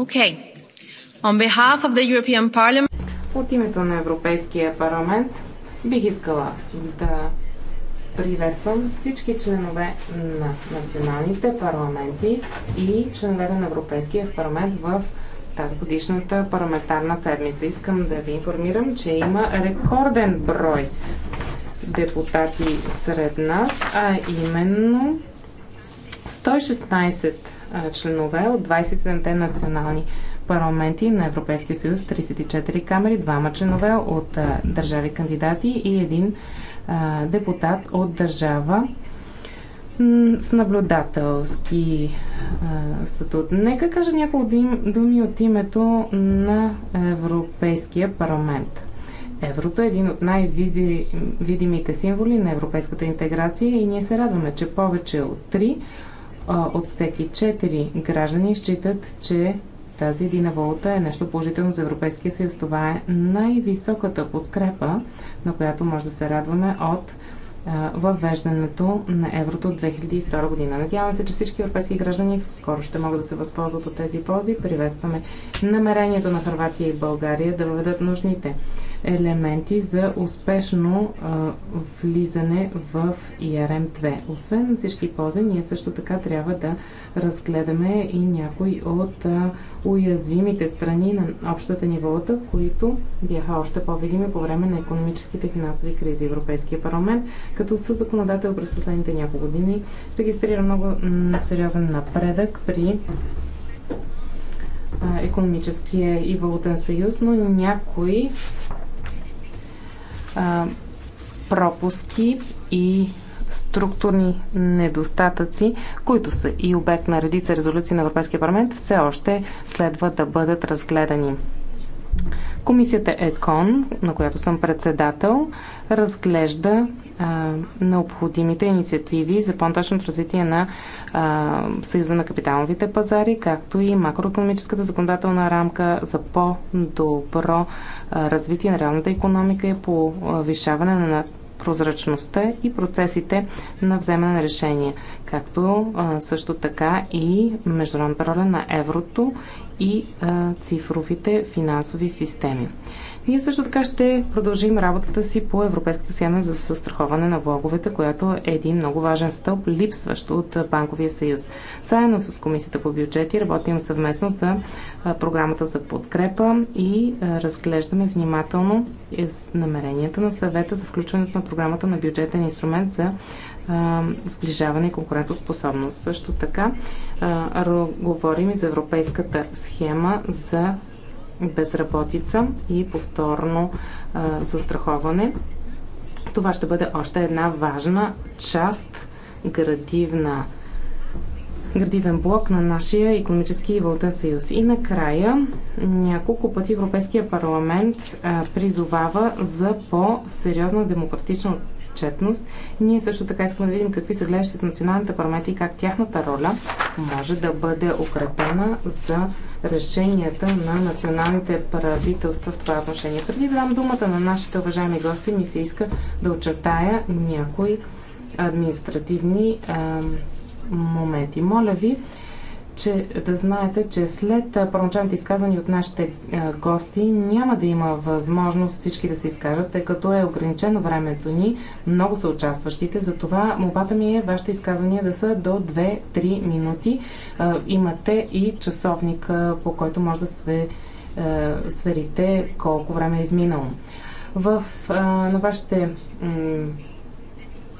Okay. On behalf of the European Parliament... От името на Европейския парламент бих искала да приветствам всички членове на националните парламенти и членовете на Европейския парламент в тази годишната парламентарна седмица. Искам да ви информирам, че има рекорден брой депутати сред нас, а именно 116 членове от 27-те национални парламенти на Европейския съюз, 34 камери, двама членове от държави кандидати и един депутат от държава с наблюдателски статут. Нека кажа няколко думи от името на Европейския парламент. Еврото е един от най-видимите символи на европейската интеграция и ние се радваме, че повече от три от всеки 4 граждани считат, че тази едина валута е нещо положително за Европейския съюз. Това е най-високата подкрепа, на която може да се радваме от въвеждането на еврото от 2002 година. Надявам се, че всички европейски граждани скоро ще могат да се възползват от тези ползи. Приветстваме намерението на Харватия и България да въведат нужните елементи за успешно а, влизане в ИРМ-2. Освен всички ползи, ние също така трябва да разгледаме и някои от а, уязвимите страни на общата ни валута, които бяха още по-видими по време на економическите финансови кризи. Европейския парламент като със законодател през последните няколко години регистрира много сериозен напредък при економическия и валутен съюз, но някои а, пропуски и структурни недостатъци, които са и обект на редица резолюции на Европейския парламент, все още следва да бъдат разгледани. Комисията ЕКОН, на която съм председател, разглежда а, необходимите инициативи за по-нататъчното развитие на а, Съюза на капиталовите пазари, както и макроекономическата законодателна рамка за по-добро развитие на реалната економика и повишаване на прозрачността и процесите на вземане на решения, както а, също така и международната роля на еврото и а, цифровите финансови системи. Ние също така ще продължим работата си по Европейската схема за състраховане на влоговете, която е един много важен стълб, липсващ от Банковия съюз. Заедно с Комисията по бюджети работим съвместно за програмата за подкрепа и разглеждаме внимателно намеренията на съвета за включването на програмата на бюджетен инструмент за сближаване и конкурентоспособност. Също така говорим и за европейската схема за безработица и повторно а, застраховане. Това ще бъде още една важна част, градивна градивен блок на нашия економически и валутен съюз. И накрая няколко пъти Европейския парламент а, призовава за по-сериозна демократична отчетност. Ние също така искаме да видим какви са гледащите националните парламенти и как тяхната роля може да бъде укрепена за решенията на националните правителства в това отношение. Преди да дам думата на нашите уважаеми гости, ми се иска да очертая някои административни а, моменти. Моля ви че да знаете, че след първоначалните изказвания от нашите гости няма да има възможност всички да се изкажат, тъй като е ограничено времето ни, много са участващите, затова мобата ми е вашите изказвания да са до 2-3 минути. Имате и часовник, по който може да све, сверите колко време е изминало. В, на вашите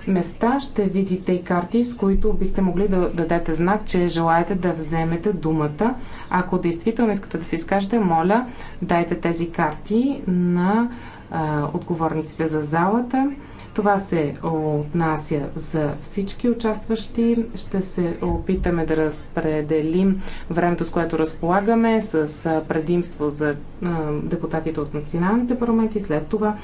места ще видите и карти, с които бихте могли да дадете знак, че желаете да вземете думата. Ако действително искате да се изкажете, моля, дайте тези карти на а, отговорниците за залата. Това се отнася за всички участващи. Ще се опитаме да разпределим времето, с което разполагаме, с предимство за депутатите от националните парламенти, след това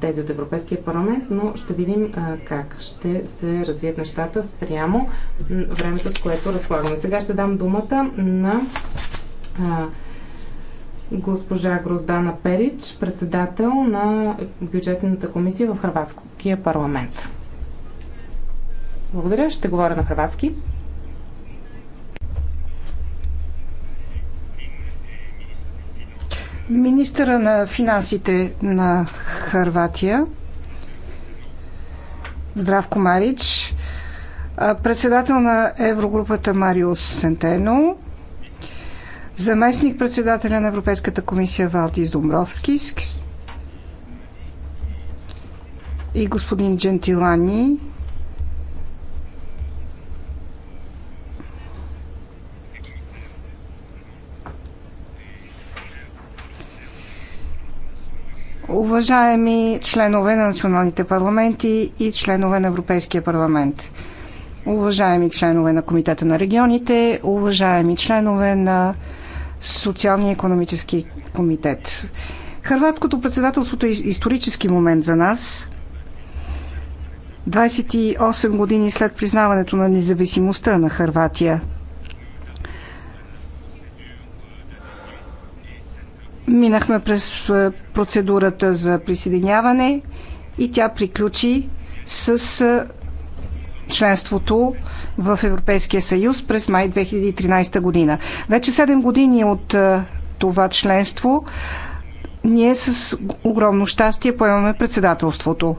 тези от Европейския парламент, но ще видим как ще се развият нещата спрямо времето, с което разполагаме. Сега ще дам думата на госпожа Гроздана Перич, председател на бюджетната комисия в Хрватския парламент. Благодаря, ще говоря на хрватски. Министъра на финансите на Харватия Здравко Марич, председател на Еврогрупата Мариус Сентено, заместник председателя на Европейската комисия Валтис Домбровски и господин Джентилани, Уважаеми членове на националните парламенти и членове на Европейския парламент, уважаеми членове на Комитета на регионите, уважаеми членове на Социалния и економически комитет. Хрватското председателството е исторически момент за нас. 28 години след признаването на независимостта на Хрватия – Минахме през е, процедурата за присъединяване и тя приключи с е, членството в Европейския съюз през май 2013 година. Вече 7 години от е, това членство ние с огромно щастие поемаме председателството.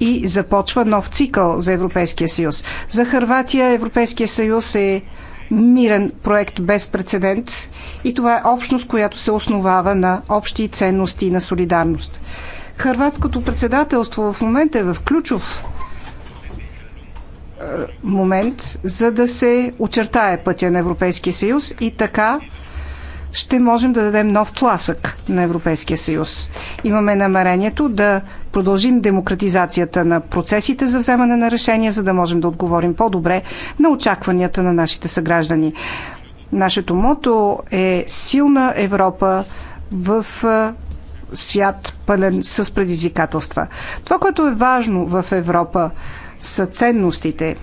И започва нов цикъл за Европейския съюз. За Харватия Европейския съюз е мирен проект без прецедент и това е общност, която се основава на общи ценности и на солидарност. Хрватското председателство в момента е в ключов е, момент, за да се очертае пътя на Европейския съюз и така ще можем да дадем нов тласък на Европейския съюз. Имаме намерението да продължим демократизацията на процесите за вземане на решения, за да можем да отговорим по-добре на очакванията на нашите съграждани. Нашето мото е силна Европа в свят пълен с предизвикателства. Това, което е важно в Европа, са ценностите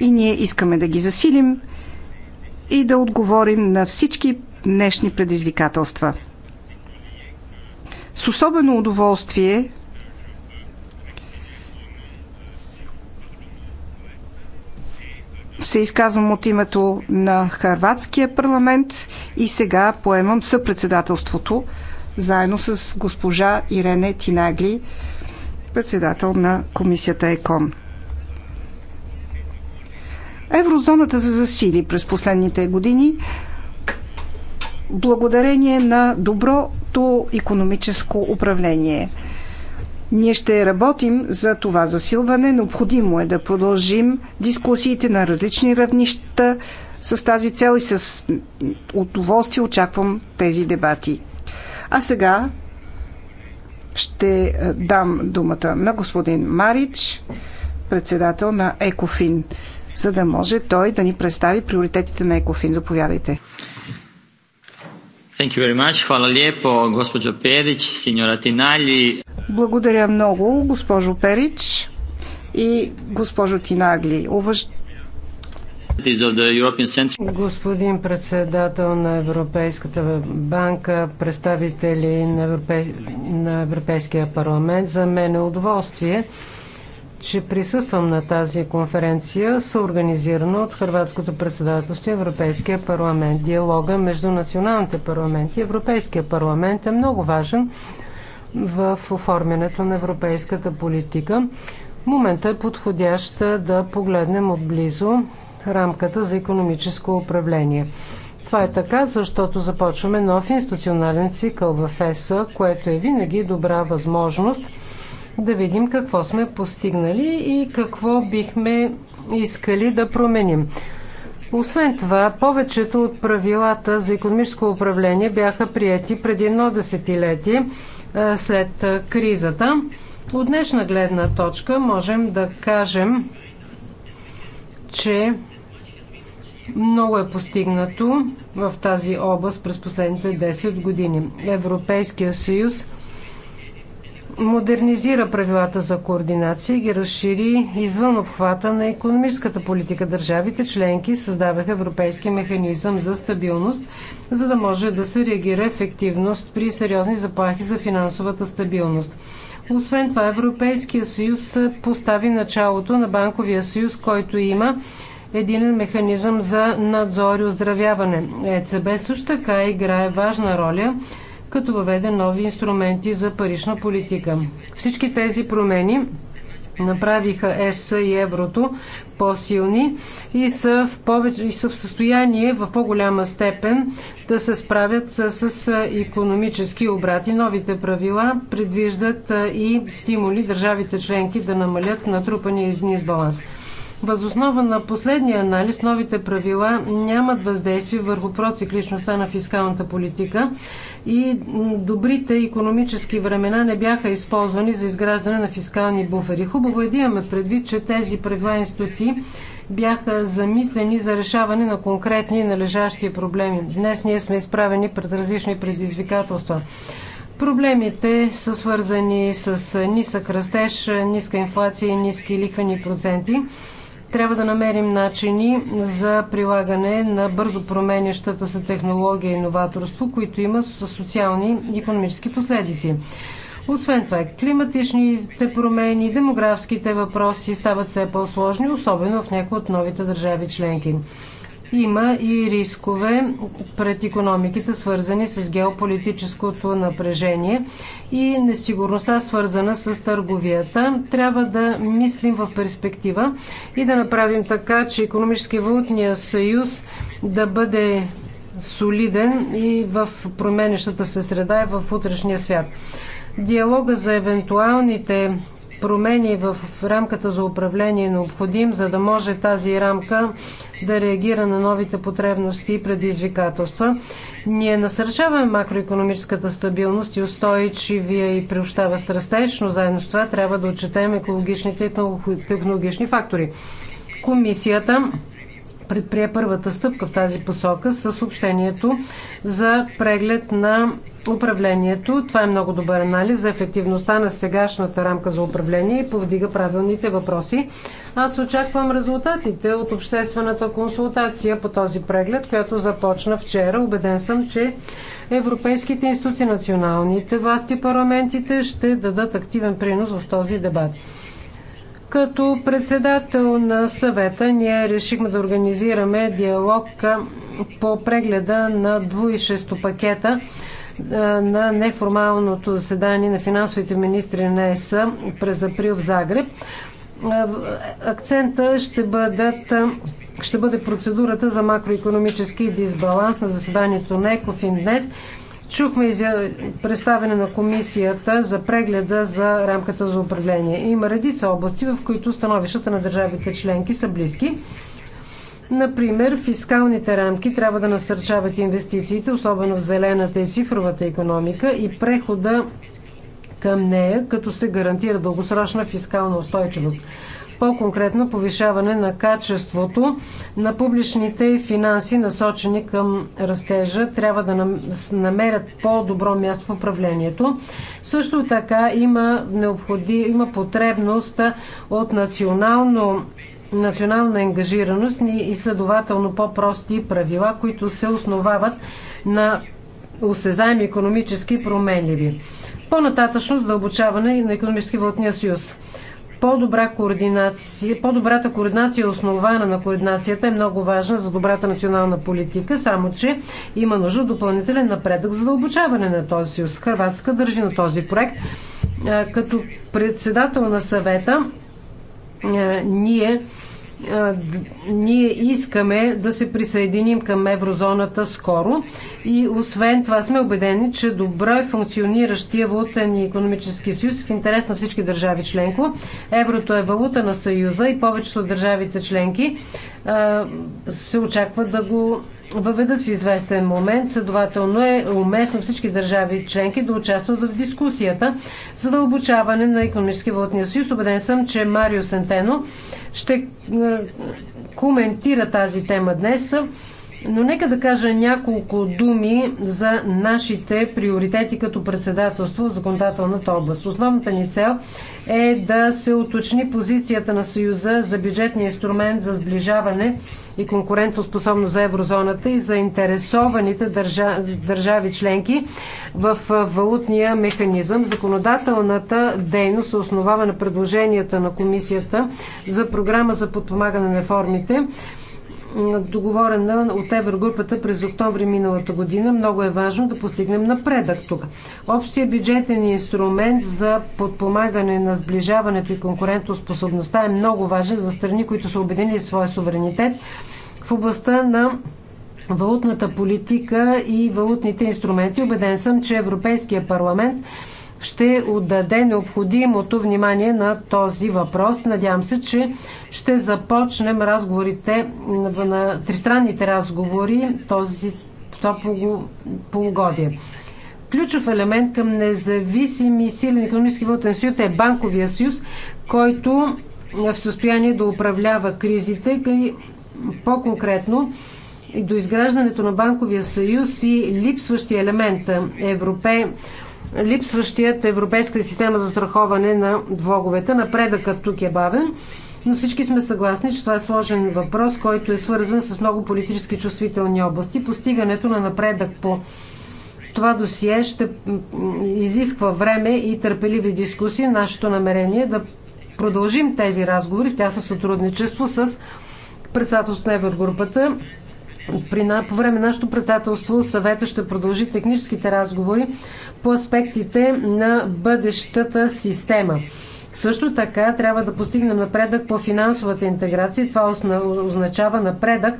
и ние искаме да ги засилим и да отговорим на всички днешни предизвикателства. С особено удоволствие се изказвам от името на Харватския парламент и сега поемам съпредседателството заедно с госпожа Ирене Тинагли, председател на комисията ЕКОН. Еврозоната се засили през последните години благодарение на доброто економическо управление. Ние ще работим за това засилване. Необходимо е да продължим дискусиите на различни равнища с тази цел и с удоволствие очаквам тези дебати. А сега ще е, дам думата на господин Марич, председател на Екофин, за да може той да ни представи приоритетите на Екофин. Заповядайте. Thank you very much. Благодаря много, госпожо Перич и госпожо Тинагли. Уваж... Господин председател на Европейската банка, представители на, на Европейския парламент, за мен е удоволствие че присъствам на тази конференция, съорганизирана от Хрватското председателство и Европейския парламент. Диалога между националните парламенти и Европейския парламент е много важен в оформянето на европейската политика. Момента е подходящ да погледнем отблизо рамката за економическо управление. Това е така, защото започваме нов институционален цикъл в ЕСА, което е винаги добра възможност – да видим какво сме постигнали и какво бихме искали да променим. Освен това, повечето от правилата за економическо управление бяха прияти преди едно десетилетие след кризата. От днешна гледна точка можем да кажем, че много е постигнато в тази област през последните 10 години. Европейския съюз – модернизира правилата за координация и ги разшири извън обхвата на економическата политика. Държавите членки създаваха европейски механизъм за стабилност, за да може да се реагира ефективност при сериозни заплахи за финансовата стабилност. Освен това, Европейския съюз постави началото на банковия съюз, който има един механизъм за надзор и оздравяване. ЕЦБ също така играе важна роля като въведе нови инструменти за парична политика. Всички тези промени направиха ЕС и еврото по-силни и са в, повече, и са в състояние в по-голяма степен да се справят с, с економически обрати. Новите правила предвиждат и стимули държавите членки да намалят натрупания дни с баланс. Възоснова на последния анализ, новите правила нямат въздействие върху процикличността на фискалната политика и добрите економически времена не бяха използвани за изграждане на фискални буфери. Хубаво е да имаме предвид, че тези правила институции бяха замислени за решаване на конкретни и належащи проблеми. Днес ние сме изправени пред различни предизвикателства. Проблемите са свързани с нисък растеж, ниска инфлация и ниски лихвени проценти. Трябва да намерим начини за прилагане на бързо променящата се технология и новаторство, които има социални и економически последици. Освен това, климатичните промени, демографските въпроси стават все по-сложни, особено в някои от новите държави членки. Има и рискове пред економиките, свързани с геополитическото напрежение и несигурността, свързана с търговията. Трябва да мислим в перспектива и да направим така, че економически валутния съюз да бъде солиден и в променещата се среда и в утрешния свят. Диалога за евентуалните промени в рамката за управление е необходим, за да може тази рамка да реагира на новите потребности и предизвикателства. Ние насърчаваме макроекономическата стабилност и устойчивия и приобщаващ растеж, но заедно с това трябва да отчетем екологичните и технологични фактори. Комисията предприе първата стъпка в тази посока с съобщението за преглед на управлението. Това е много добър анализ за ефективността на сегашната рамка за управление и повдига правилните въпроси. Аз очаквам резултатите от обществената консултация по този преглед, която започна вчера. Обеден съм, че европейските институции, националните власти, парламентите ще дадат активен принос в този дебат. Като председател на съвета ние решихме да организираме диалог по прегледа на двуишесто пакета на неформалното заседание на финансовите министри на ЕС през април в Загреб. Акцента ще, бъдат, ще бъде процедурата за макроекономически дисбаланс на заседанието на ЕКОФИН днес. Чухме изя... представяне на комисията за прегледа за рамката за управление. Има редица области, в които становищата на държавите членки са близки. Например, фискалните рамки трябва да насърчават инвестициите, особено в зелената и цифровата економика и прехода към нея, като се гарантира дългосрочна фискална устойчивост. По-конкретно повишаване на качеството на публичните финанси, насочени към растежа, трябва да намерят по-добро място в управлението. Също така има, необходи, има потребност от национално национална ангажираност и следователно по-прости правила, които се основават на осезаеми економически променливи. По-нататъчно задълбочаване на економически вълтния съюз. По-добра координация, по-добрата координация, основана на координацията, е много важна за добрата национална политика, само че има нужда от допълнителен напредък за задълбочаване на този съюз. Хрватска държи на този проект. Като председател на съвета, ние ние искаме да се присъединим към еврозоната скоро и освен това сме убедени, че добро е функциониращия валутен и економически съюз е в интерес на всички държави членко. Еврото е валута на съюза и повечето от държавите членки се очаква да го въведат в известен момент. Следователно е уместно всички държави членки да участват в дискусията за дълбочаване да на економически валутния съюз. Обеден съм, че Марио Сентено ще е, коментира тази тема днес. Но нека да кажа няколко думи за нашите приоритети като председателство в законодателната област. Основната ни цел е да се уточни позицията на Съюза за бюджетния инструмент за сближаване и конкурентоспособност за еврозоната и за интересованите държа... държави членки в валутния механизъм. Законодателната дейност се основава на предложенията на комисията за програма за подпомагане на реформите договорена от Еврогрупата през октомври миналата година. Много е важно да постигнем напредък тук. Общия бюджетен инструмент за подпомагане на сближаването и конкурентоспособността е много важен за страни, които са обединили своя суверенитет в областта на валутната политика и валутните инструменти. Обеден съм, че Европейския парламент ще отдаде необходимото внимание на този въпрос. Надявам се, че ще започнем разговорите на тристранните разговори този, това полугодие. Ключов елемент към независим и силен економически вълтен съюз е банковия съюз, който е в състояние да управлява кризите и по-конкретно до изграждането на банковия съюз и липсващия елемент Европе, липсващият европейска система за страховане на влоговете. Напредъкът тук е бавен, но всички сме съгласни, че това е сложен въпрос, който е свързан с много политически чувствителни области. Постигането на напредък по това досие ще изисква време и търпеливи дискусии. Нашето намерение е да продължим тези разговори в тясно сътрудничество с председателството на Еврогрупата при, по време на нашето председателство съвета ще продължи техническите разговори по аспектите на бъдещата система. Също така трябва да постигнем напредък по финансовата интеграция. Това означава напредък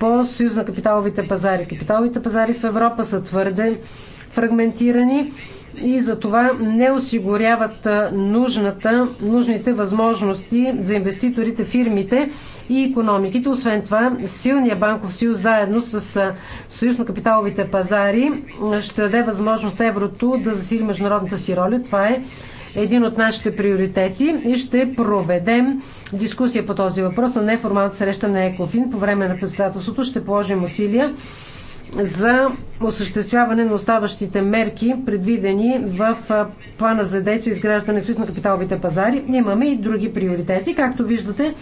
по Съюз на капиталовите пазари. Капиталовите пазари в Европа са твърде фрагментирани и за това не осигуряват нужната, нужните възможности за инвеститорите, фирмите и економиките. Освен това, силният банков съюз заедно с Съюз на капиталовите пазари ще даде възможност еврото да засили международната си роля. Това е един от нашите приоритети и ще проведем дискусия по този въпрос на неформалната среща на Екофин. По време на председателството ще положим усилия за осъществяване на оставащите мерки, предвидени в плана за действие изграждане и на капиталовите пазари. Имаме и други приоритети. Както виждате,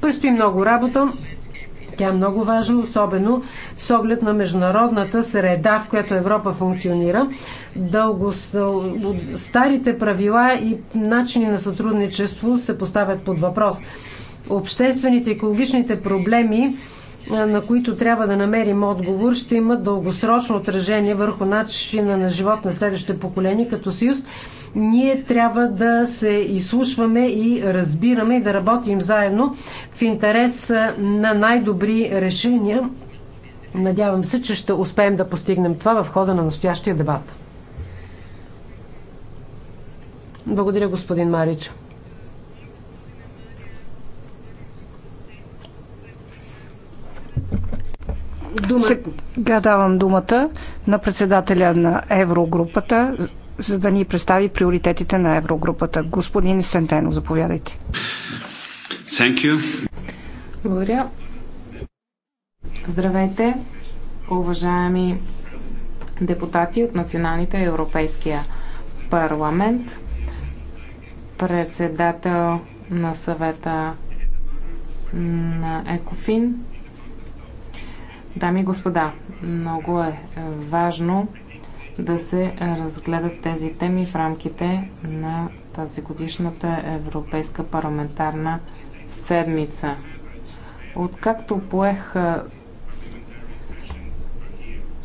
предстои много работа. Тя е много важна, особено с оглед на международната среда, в която Европа функционира. Дълго старите правила и начини на сътрудничество се поставят под въпрос. Обществените екологичните проблеми на които трябва да намерим отговор, ще имат дългосрочно отражение върху начина на живот на следващите поколения като съюз. Ние трябва да се изслушваме и разбираме и да работим заедно в интерес на най-добри решения. Надявам се, че ще успеем да постигнем това в хода на настоящия дебат. Благодаря, господин Марич. думата. Сега давам думата на председателя на Еврогрупата, за да ни представи приоритетите на Еврогрупата. Господин Сентено, заповядайте. Thank you. Благодаря. Здравейте, уважаеми депутати от националните Европейския парламент, председател на съвета на Екофин, Дами и господа, много е, е важно да се разгледат тези теми в рамките на тази годишната Европейска парламентарна седмица. Откакто поех е,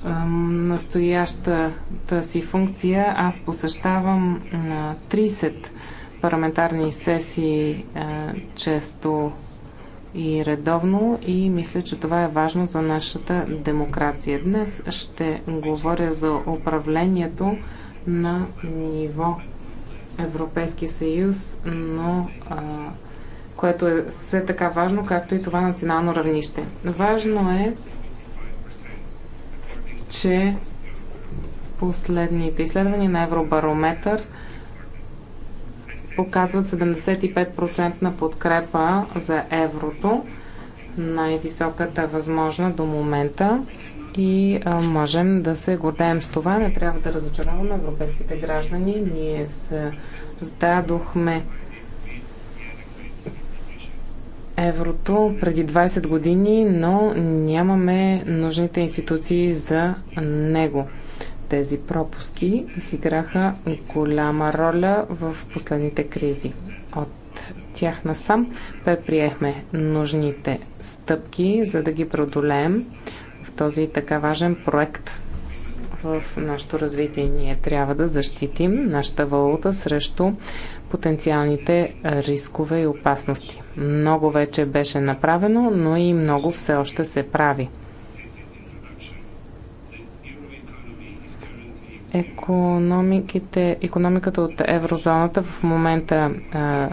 е, настоящата си функция, аз посещавам 30 парламентарни сесии често и редовно и мисля, че това е важно за нашата демокрация. Днес ще говоря за управлението на ниво Европейски съюз, но а, което е все така важно, както и това национално равнище. Важно е, че последните изследвания на Евробарометър – показват 75% подкрепа за еврото, най-високата възможна до момента и а, можем да се гордеем с това. Не трябва да разочароваме европейските граждани. Ние се създадохме еврото преди 20 години, но нямаме нужните институции за него тези пропуски изиграха голяма роля в последните кризи. От тях насам предприехме нужните стъпки, за да ги преодолеем в този така важен проект в нашето развитие. Ние трябва да защитим нашата валута срещу потенциалните рискове и опасности. Много вече беше направено, но и много все още се прави. Економиките, економиката от еврозоната в момента а,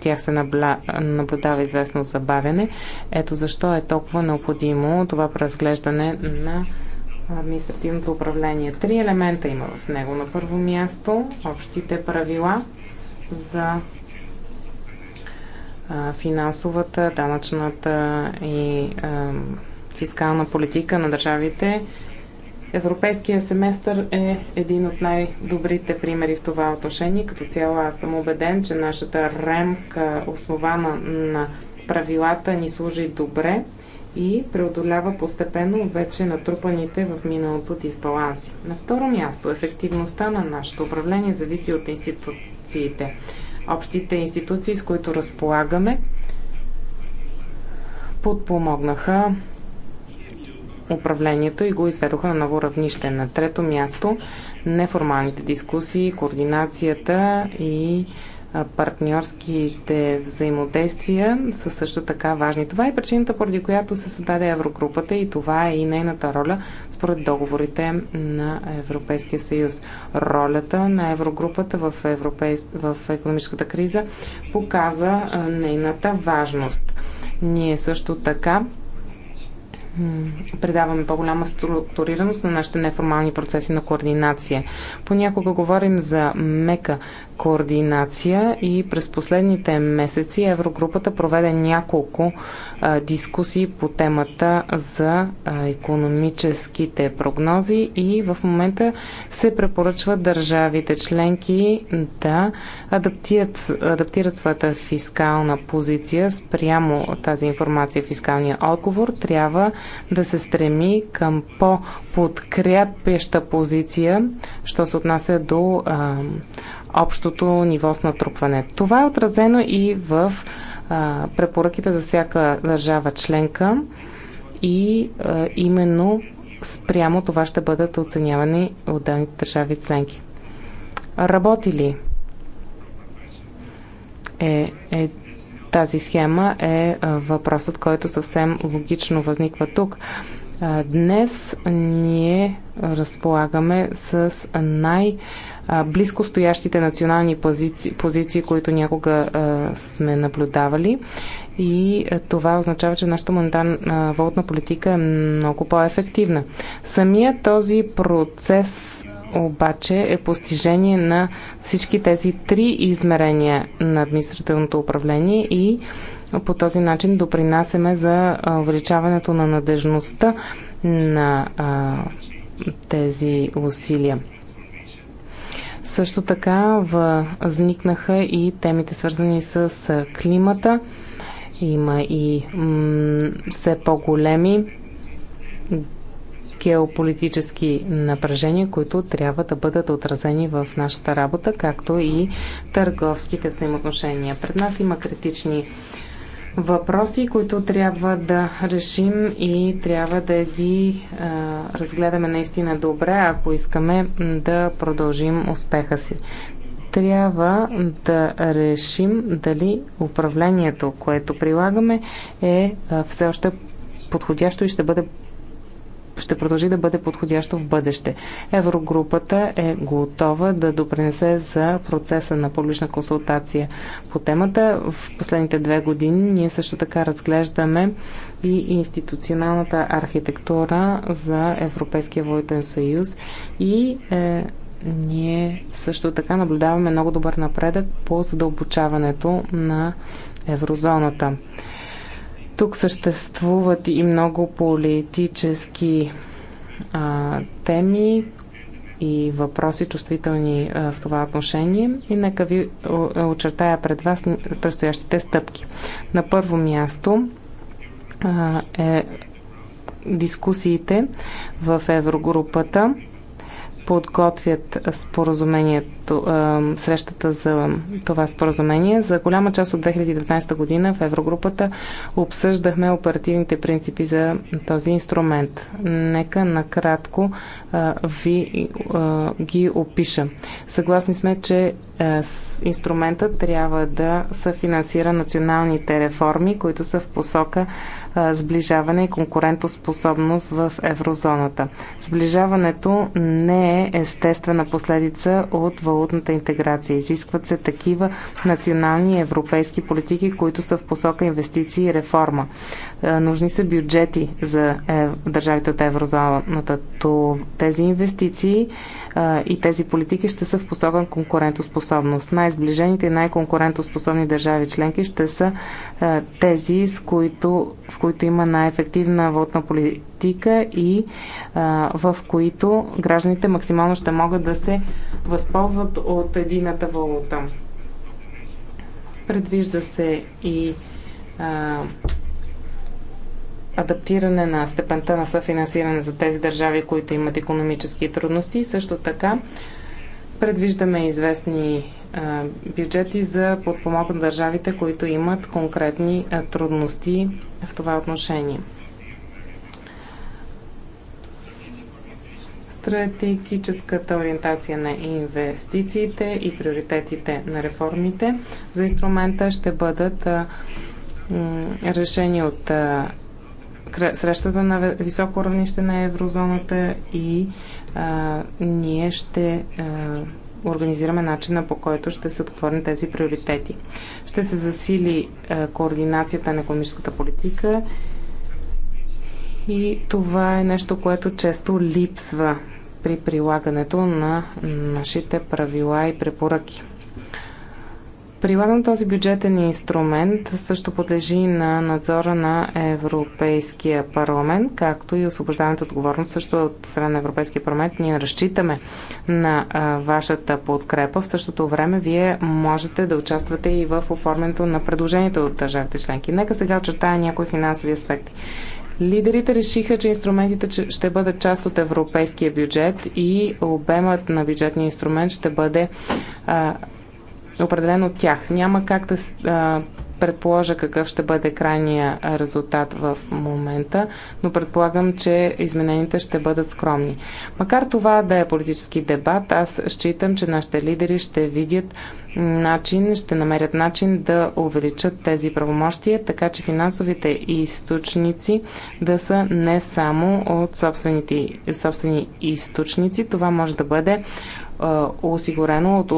тях се наблюдава известно забавяне. Ето защо е толкова необходимо това преразглеждане на административното управление. Три елемента има в него. На първо място общите правила за финансовата, данъчната и фискална политика на държавите Европейския семестър е един от най-добрите примери в това отношение. Като цяло аз съм убеден, че нашата ремка, основана на правилата, ни служи добре и преодолява постепенно вече натрупаните в миналото дисбаланси. На второ място, ефективността на нашето управление зависи от институциите. Общите институции, с които разполагаме, подпомогнаха управлението и го изведоха на ново равнище. На трето място, неформалните дискусии, координацията и партньорските взаимодействия са също така важни. Това е причината, поради която се създаде Еврогрупата и това е и нейната роля според договорите на Европейския съюз. Ролята на Еврогрупата в, европейс... в економическата криза показа нейната важност. Ние също така Предаваме по-голяма структурираност на нашите неформални процеси на координация. Понякога говорим за мека координация и през последните месеци Еврогрупата проведе няколко а, дискусии по темата за а, економическите прогнози и в момента се препоръчват държавите членки да адаптират, адаптират своята фискална позиция спрямо тази информация. Фискалния отговор трябва да се стреми към по-подкрепяща позиция, що се отнася до а, общото ниво с натрупване. Това е отразено и в а, препоръките за всяка държава членка и а, именно спрямо това ще бъдат оценявани отделните държави членки. Работи ли е, е тази схема е въпросът, който съвсем логично възниква тук. Днес ние разполагаме с най- близко стоящите национални позиции, позиции които някога сме наблюдавали. И това означава, че нашата монетарна валутна политика е много по-ефективна. Самия този процес обаче е постижение на всички тези три измерения на административното управление и по този начин допринасяме за увеличаването на надежността на а, тези усилия. Също така възникнаха и темите свързани с климата. Има и все по-големи геополитически напрежения, които трябва да бъдат отразени в нашата работа, както и търговските взаимоотношения. Пред нас има критични въпроси, които трябва да решим и трябва да ги а, разгледаме наистина добре, ако искаме да продължим успеха си. Трябва да решим дали управлението, което прилагаме, е а, все още подходящо и ще бъде ще продължи да бъде подходящо в бъдеще. Еврогрупата е готова да допринесе за процеса на публична консултация по темата. В последните две години ние също така разглеждаме и институционалната архитектура за Европейския валутен съюз и е, ние също така наблюдаваме много добър напредък по задълбочаването на еврозоната. Тук съществуват и много политически а, теми и въпроси, чувствителни а, в това отношение. И нека ви е, очертая пред вас предстоящите стъпки. На първо място а, е дискусиите в Еврогрупата подготвят споразумението срещата за това споразумение. За голяма част от 2019 година в Еврогрупата обсъждахме оперативните принципи за този инструмент. Нека накратко ви ги опиша. Съгласни сме, че инструментът трябва да съфинансира националните реформи, които са в посока сближаване и конкурентоспособност в еврозоната. Сближаването не е естествена последица от валутата валутната интеграция. Изискват се такива национални и европейски политики, които са в посока инвестиции и реформа. Е, нужни са бюджети за държавите от еврозоната. Тези инвестиции е, и тези политики ще са в посока конкурентоспособност. Най-сближените и най-конкурентоспособни държави членки ще са е, тези, с които, в които има най-ефективна водна политика и в които гражданите максимално ще могат да се възползват от едината валута. Предвижда се и адаптиране на степента на съфинансиране за тези държави, които имат економически трудности. Също така предвиждаме известни бюджети за подпомогна държавите, които имат конкретни трудности в това отношение. стратегическата ориентация на инвестициите и приоритетите на реформите за инструмента ще бъдат решени от срещата на високо равнище на еврозоната и а, ние ще а, организираме начина по който ще се отговорим тези приоритети. Ще се засили а, координацията на економическата политика и това е нещо, което често липсва при прилагането на нашите правила и препоръки. Прилагам този бюджетен инструмент също подлежи на надзора на Европейския парламент, както и освобождаването отговорност също от страна на Европейския парламент. Ние разчитаме на а, вашата подкрепа. В същото време вие можете да участвате и в оформянето на предложенията от държавите членки. Нека сега очертая някои финансови аспекти. Лидерите решиха, че инструментите ще бъдат част от европейския бюджет и обемът на бюджетния инструмент ще бъде а, определен от тях. Няма как да а, предположа какъв ще бъде крайния резултат в момента, но предполагам, че изменените ще бъдат скромни. Макар това да е политически дебат, аз считам, че нашите лидери ще видят начин, ще намерят начин да увеличат тези правомощия, така че финансовите източници да са не само от собствените, собствени източници. Това може да бъде осигурено от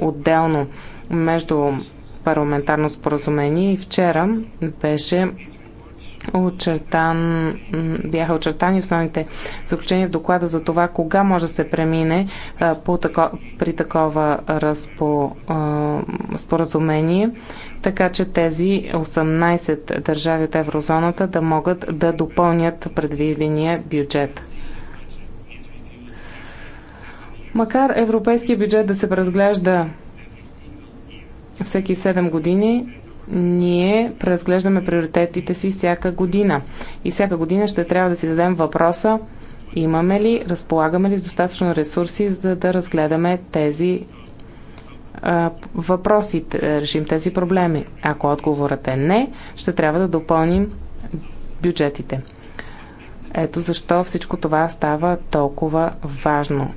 отделно между парламентарно споразумение и вчера беше очертан, бяха очертани основните заключения в доклада за това кога може да се премине по тако, при такова разпо, споразумение, така че тези 18 държави от еврозоната да могат да допълнят предвидения бюджет. Макар европейския бюджет да се преразглежда всеки 7 години, ние преразглеждаме приоритетите си всяка година. И всяка година ще трябва да си дадем въпроса имаме ли, разполагаме ли с достатъчно ресурси, за да разгледаме тези а, въпроси, е, решим тези проблеми. Ако отговорът е не, ще трябва да допълним бюджетите. Ето защо всичко това става толкова важно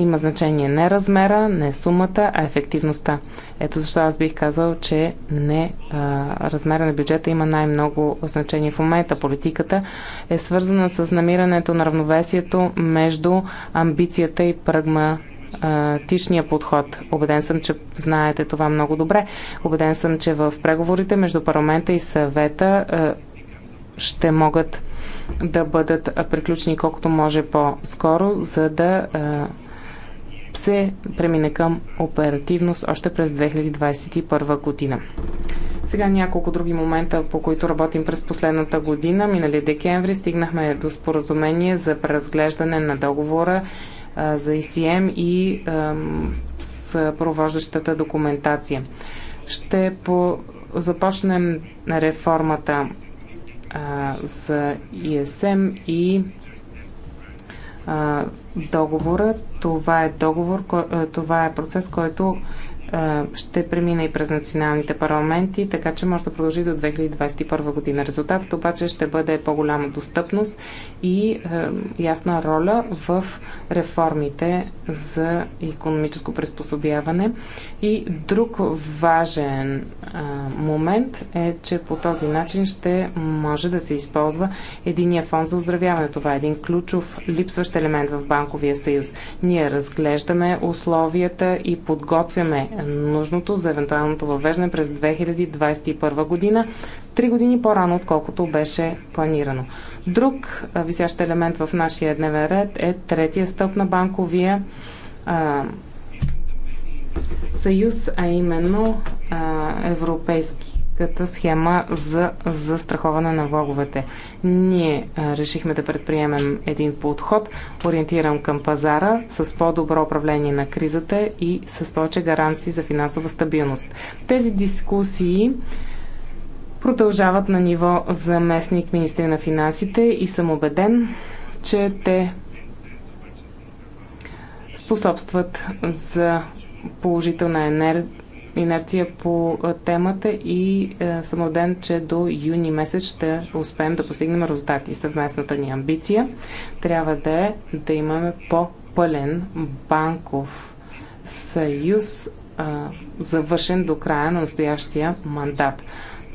има значение не размера, не сумата, а ефективността. Ето защо аз бих казал, че не а, размера на бюджета има най-много значение в момента. Политиката е свързана с намирането на равновесието между амбицията и прагма тишния подход. Обеден съм, че знаете това много добре. Обеден съм, че в преговорите между парламента и съвета ще могат да бъдат приключени колкото може по-скоро, за да се премине към оперативност още през 2021 година. Сега няколко други момента, по които работим през последната година. Миналия декември стигнахме до споразумение за преразглеждане на договора за ICM и с провождащата документация. Ще по... започнем реформата а, за ISM и а, договора. Това е договор, е, това е процес, който е, ще премина и през националните парламенти, така че може да продължи до 2021 година. Резултатът обаче ще бъде по-голяма достъпност и е, ясна роля в реформите за економическо приспособяване, и друг важен а, момент е, че по този начин ще може да се използва единия фонд за оздравяване. Това е един ключов липсващ елемент в Банковия съюз. Ние разглеждаме условията и подготвяме нужното за евентуалното въвеждане през 2021 година, три години по-рано, отколкото беше планирано. Друг висящ елемент в нашия дневен ред е третия стълб на банковия а, съюз, а именно а, европейската схема за застраховане на влоговете. Ние а, решихме да предприемем един подход, ориентиран към пазара, с по-добро управление на кризата и с повече гаранции за финансова стабилност. Тези дискусии продължават на ниво заместник министри на финансите и съм убеден, че те способстват за положителна енер... инерция по темата и е, съм убеден, че до юни месец ще успеем да постигнем резултати. Съвместната ни амбиция трябва да е да имаме по-пълен банков съюз, е, завършен до края на настоящия мандат.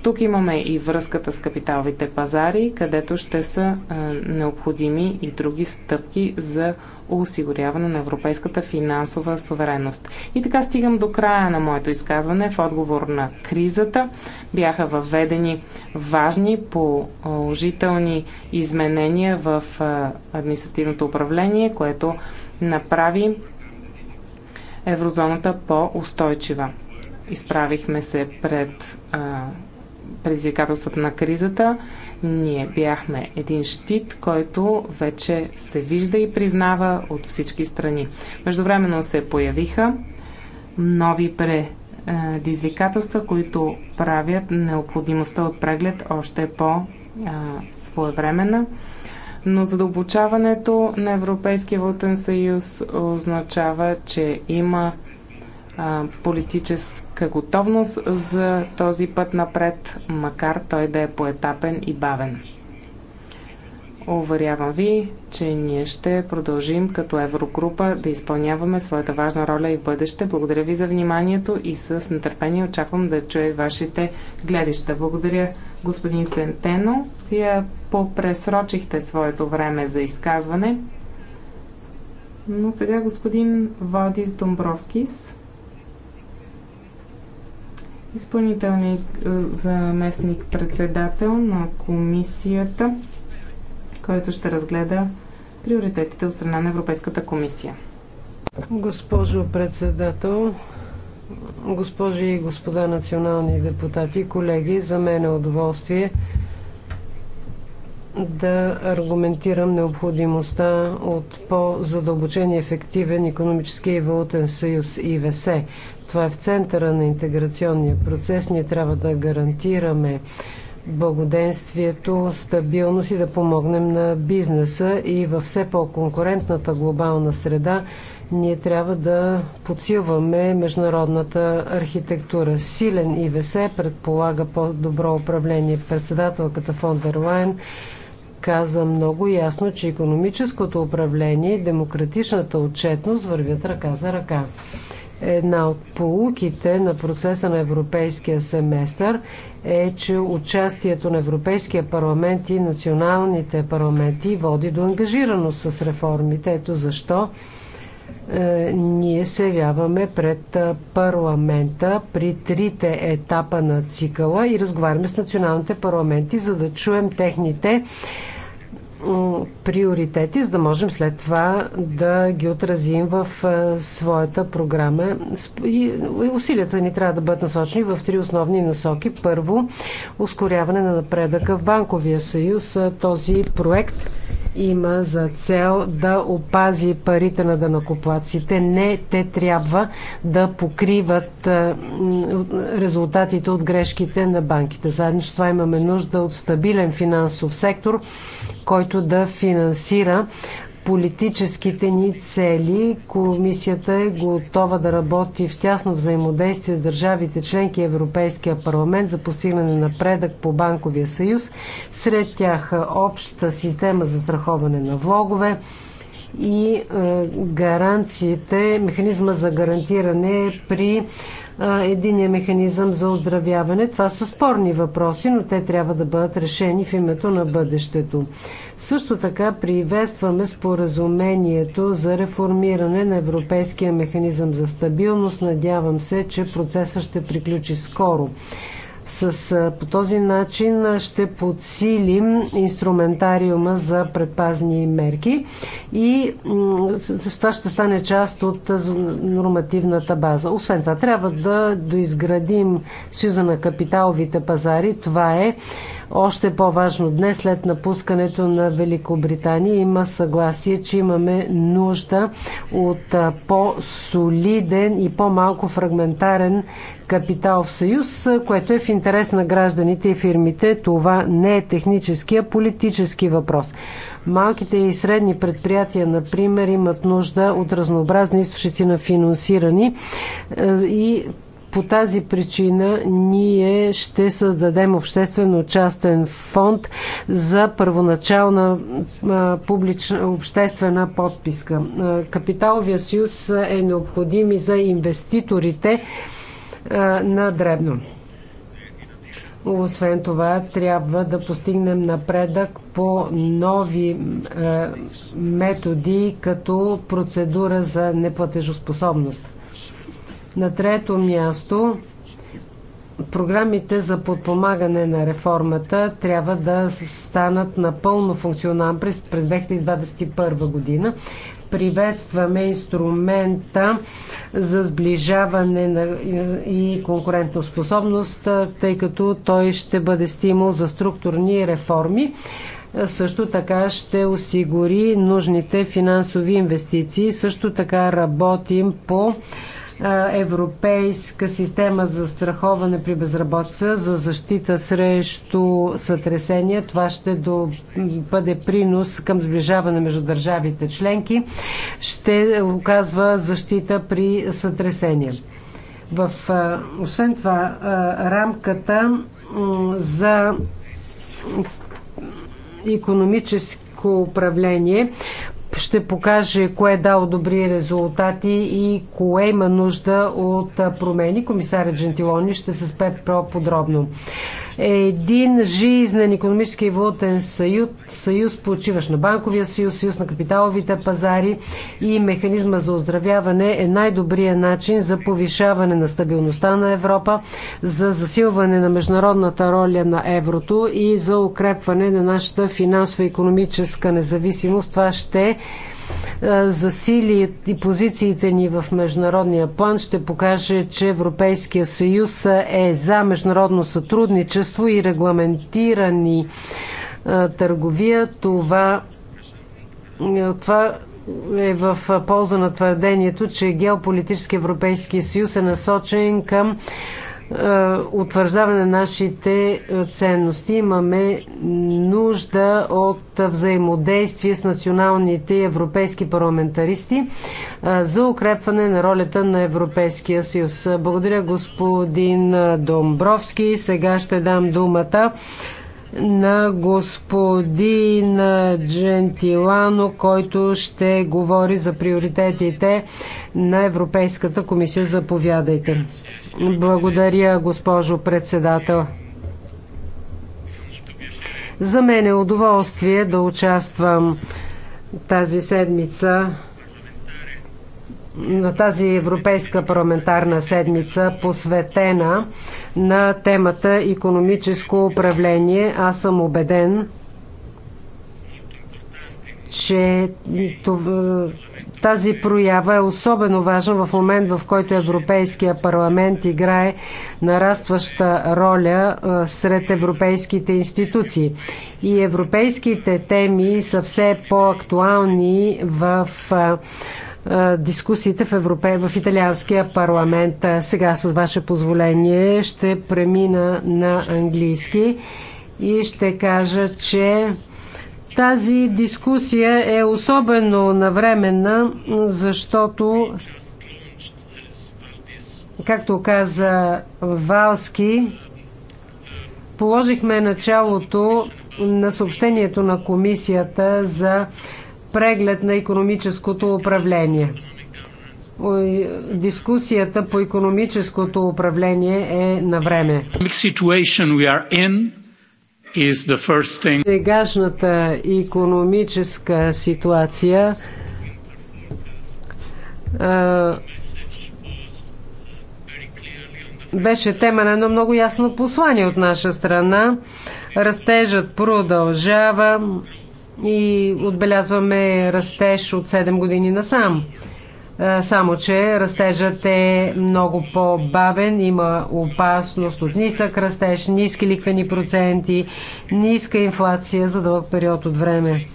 Тук имаме и връзката с капиталовите пазари, където ще са а, необходими и други стъпки за осигуряване на европейската финансова суверенност. И така стигам до края на моето изказване. В отговор на кризата бяха въведени важни положителни изменения в а, административното управление, което направи еврозоната по-устойчива. Изправихме се пред а, предизвикателствата на кризата, ние бяхме един щит, който вече се вижда и признава от всички страни. Междувременно се появиха нови предизвикателства, които правят необходимостта от преглед още по-своевременна. Но задълбочаването на Европейския вълтен съюз означава, че има политическа готовност за този път напред, макар той да е поетапен и бавен. Уверявам ви, че ние ще продължим като Еврогрупа да изпълняваме своята важна роля и в бъдеще. Благодаря ви за вниманието и с нетърпение очаквам да чуя вашите гледища. Благодаря, господин Сентено. Вие попресрочихте своето време за изказване. Но сега господин Вадис Домбровскис изпълнителник е, заместник председател на комисията, който ще разгледа приоритетите от страна на Европейската комисия. Госпожо председател, госпожи и господа национални депутати, колеги, за мен е удоволствие да аргументирам необходимостта от по-задълбочен и ефективен економически и валутен съюз ИВС. Това е в центъра на интеграционния процес. Ние трябва да гарантираме благоденствието, стабилност и да помогнем на бизнеса и във все по-конкурентната глобална среда ние трябва да подсилваме международната архитектура. Силен ИВС предполага по-добро управление. Председателката фон дер Лайн каза много ясно, че економическото управление и демократичната отчетност вървят ръка за ръка. Една от полуките на процеса на европейския семестър е, че участието на Европейския парламент и националните парламенти води до ангажираност с реформите. Ето защо е, ние се явяваме пред е, парламента при трите етапа на цикъла и разговаряме с националните парламенти, за да чуем техните приоритети, за да можем след това да ги отразим в своята програма. И усилията ни трябва да бъдат насочени в три основни насоки. Първо, ускоряване на напредъка в Банковия съюз. Този проект има за цел да опази парите на данакоплаците. Не, те трябва да покриват е, резултатите от грешките на банките. Заедно с това имаме нужда от стабилен финансов сектор, който да финансира политическите ни цели. Комисията е готова да работи в тясно взаимодействие с държавите членки Европейския парламент за постигане на предък по Банковия съюз. Сред тях е, обща система за страховане на влогове и е, гаранциите, механизма за гарантиране при единия механизъм за оздравяване. Това са спорни въпроси, но те трябва да бъдат решени в името на бъдещето. Също така приветстваме споразумението за реформиране на Европейския механизъм за стабилност. Надявам се, че процесът ще приключи скоро. С, по този начин ще подсилим инструментариума за предпазни мерки и това ще стане част от нормативната база. Освен това, трябва да доизградим Съюза на капиталовите пазари. Това е още по-важно днес, след напускането на Великобритания, има съгласие, че имаме нужда от по-солиден и по-малко фрагментарен капитал в Съюз, което е в интерес на гражданите и фирмите. Това не е технически, а политически въпрос. Малките и средни предприятия, например, имат нужда от разнообразни източници на финансиране и по тази причина ние ще създадем обществено-частен фонд за първоначална публична, обществена подписка. Капиталовия съюз е необходим и за инвеститорите на дребно. Освен това, трябва да постигнем напредък по нови е, методи, като процедура за неплатежоспособност. На трето място, програмите за подпомагане на реформата трябва да станат напълно функционални през, през 2021 година. Приветстваме инструмента за сближаване на, и конкурентоспособност, тъй като той ще бъде стимул за структурни реформи също така ще осигури нужните финансови инвестиции. Също така работим по европейска система за страховане при безработица, за защита срещу сътресения. Това ще до, бъде принос към сближаване между държавите членки. Ще оказва защита при сътресения. В, освен това, рамката за економическо управление ще покаже кое е дало добри резултати и кое има нужда от промени. Комисарят Джентилони ще се спе по-подробно. Е един жизнен економически и валутен съюз, съюз получиваш на банковия съюз, съюз на капиталовите пазари и механизма за оздравяване е най-добрият начин за повишаване на стабилността на Европа, за засилване на международната роля на еврото и за укрепване на нашата финансово-економическа независимост. Това ще е, засили и позициите ни в международния план, ще покаже, че Европейския съюз е за международно сътрудничество и регламентирани е, търговия. Това, е, това е в полза на твърдението, че геополитически Европейски съюз е насочен към е, утвърждаване на нашите е, ценности. Имаме нужда от взаимодействие с националните и европейски парламентаристи е, за укрепване на ролята на Европейския съюз. Благодаря господин Домбровски. Сега ще дам думата на господин Джентилано, който ще говори за приоритетите на Европейската комисия. Заповядайте. Благодаря, госпожо председател. За мен е удоволствие да участвам тази седмица на тази Европейска парламентарна седмица, посветена на темата економическо управление. Аз съм убеден, че тази проява е особено важна в момент, в който Европейския парламент играе нарастваща роля сред европейските институции. И европейските теми са все по-актуални в дискусиите в, Европе, в италианския парламент. Сега, с ваше позволение, ще премина на английски и ще кажа, че тази дискусия е особено навременна, защото, както каза Валски, положихме началото на съобщението на комисията за преглед на економическото управление. Дискусията по економическото управление е на време. Сегашната економическа ситуация беше тема на едно много ясно послание от наша страна. Растежът продължава, и отбелязваме растеж от 7 години насам. Е, само, че растежът е много по-бавен, има опасност от нисък растеж, ниски ликвени проценти, ниска инфлация за дълъг период от време.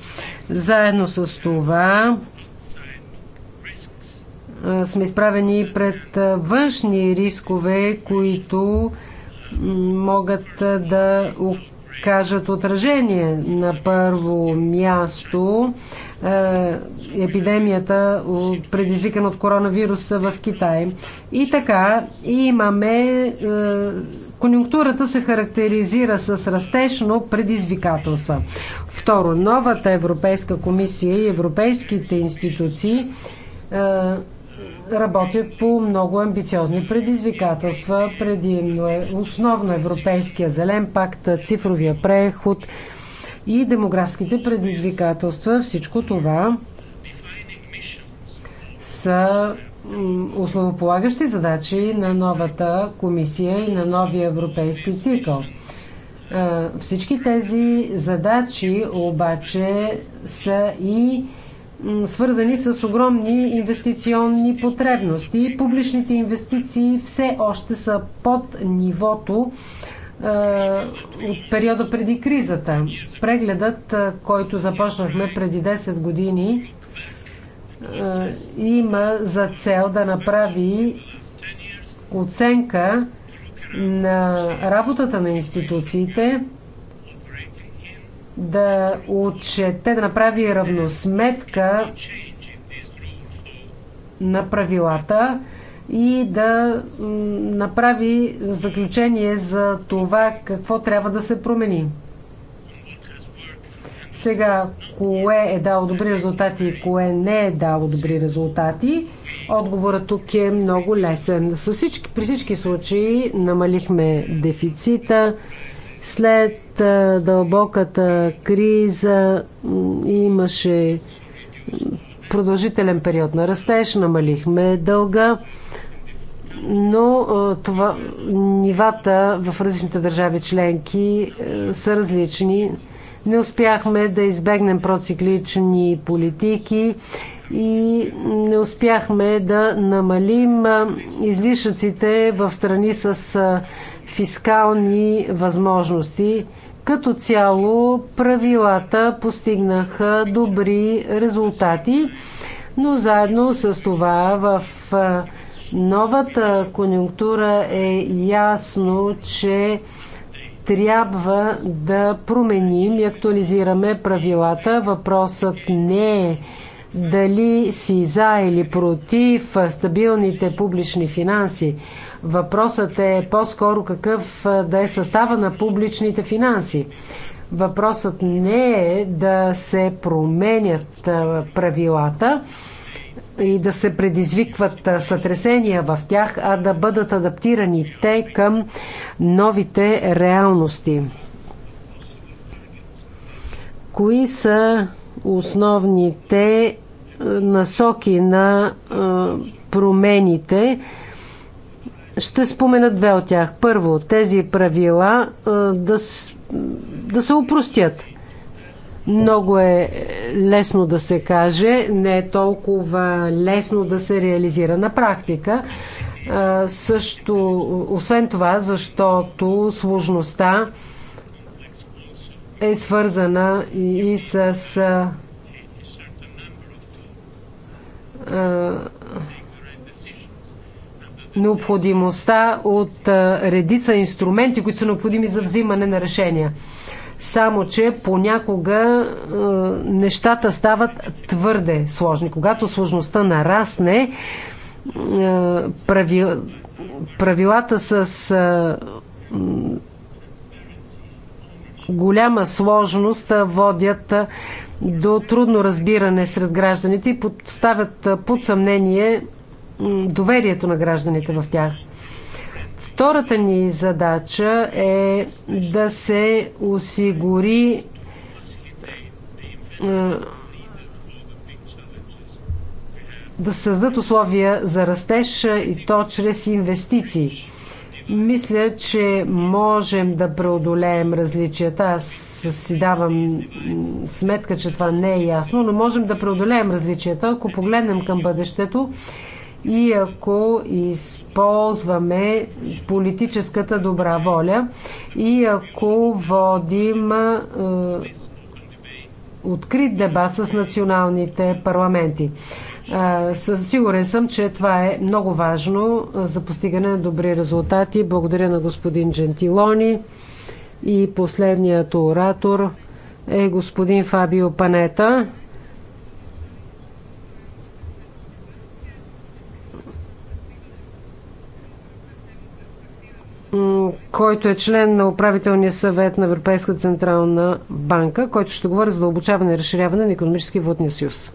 Заедно с това е, сме изправени пред е, външни рискове, които могат да кажат отражение. На първо място е, епидемията, предизвикана от коронавируса в Китай. И така, имаме. Е, конюнктурата се характеризира с растешно предизвикателства. Второ, новата Европейска комисия и европейските институции е, работят по много амбициозни предизвикателства. Предимно е основно Европейския зелен пакт, цифровия преход и демографските предизвикателства. Всичко това са основополагащи задачи на новата комисия и на новия европейски цикъл. Всички тези задачи обаче са и свързани с огромни инвестиционни потребности. Публичните инвестиции все още са под нивото е, от периода преди кризата. Прегледът, е, който започнахме преди 10 години, е, има за цел да направи оценка на работата на институциите, да отчете, да направи равносметка на правилата и да направи заключение за това какво трябва да се промени. Сега, кое е дало добри резултати и кое не е дало добри резултати, отговорът тук е много лесен. При всички случаи намалихме дефицита, след дълбоката криза имаше продължителен период на растеж, намалихме дълга, но това, нивата в различните държави членки са различни. Не успяхме да избегнем проциклични политики и не успяхме да намалим излишъците в страни с фискални възможности. Като цяло правилата постигнаха добри резултати, но заедно с това в новата конюнктура е ясно, че трябва да променим и актуализираме правилата. Въпросът не е дали си за или против стабилните публични финанси. Въпросът е по-скоро какъв да е състава на публичните финанси. Въпросът не е да се променят правилата и да се предизвикват сътресения в тях, а да бъдат адаптирани те към новите реалности. Кои са основните насоки на промените? Ще спомена две от тях. Първо, тези правила да, да се упростят. Много е лесно да се каже, не е толкова лесно да се реализира на практика. Също, освен това, защото сложността е свързана и с необходимостта от редица инструменти, които са необходими за взимане на решения. Само, че понякога нещата стават твърде сложни. Когато сложността нарасне, правилата с голяма сложност водят до трудно разбиране сред гражданите и поставят под съмнение доверието на гражданите в тях. Втората ни задача е да се осигури да създадат условия за растеж и то чрез инвестиции. Мисля, че можем да преодолеем различията. Аз си давам сметка, че това не е ясно, но можем да преодолеем различията, ако погледнем към бъдещето и ако използваме политическата добра воля и ако водим е, открит дебат с националните парламенти. Е, сигурен съм, че това е много важно за постигане на добри резултати. Благодаря на господин Джентилони и последният оратор е господин Фабио Панета. който е член на управителния съвет на Европейска централна банка, който ще говори за дълбочаване и разширяване на економически водния съюз.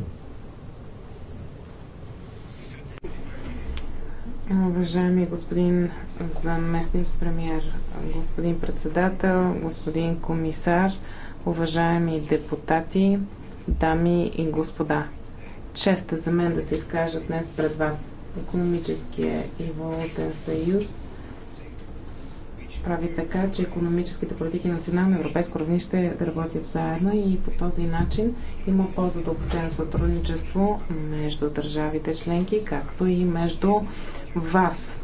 Уважаеми господин заместник премьер, господин председател, господин комисар, уважаеми депутати, дами и господа. Чест е за мен да се изкажа днес пред вас. Економическия и валутен съюз прави така, че економическите политики национално и европейско равнище да работят заедно и по този начин има по-задълбочено сътрудничество между държавите членки, както и между вас,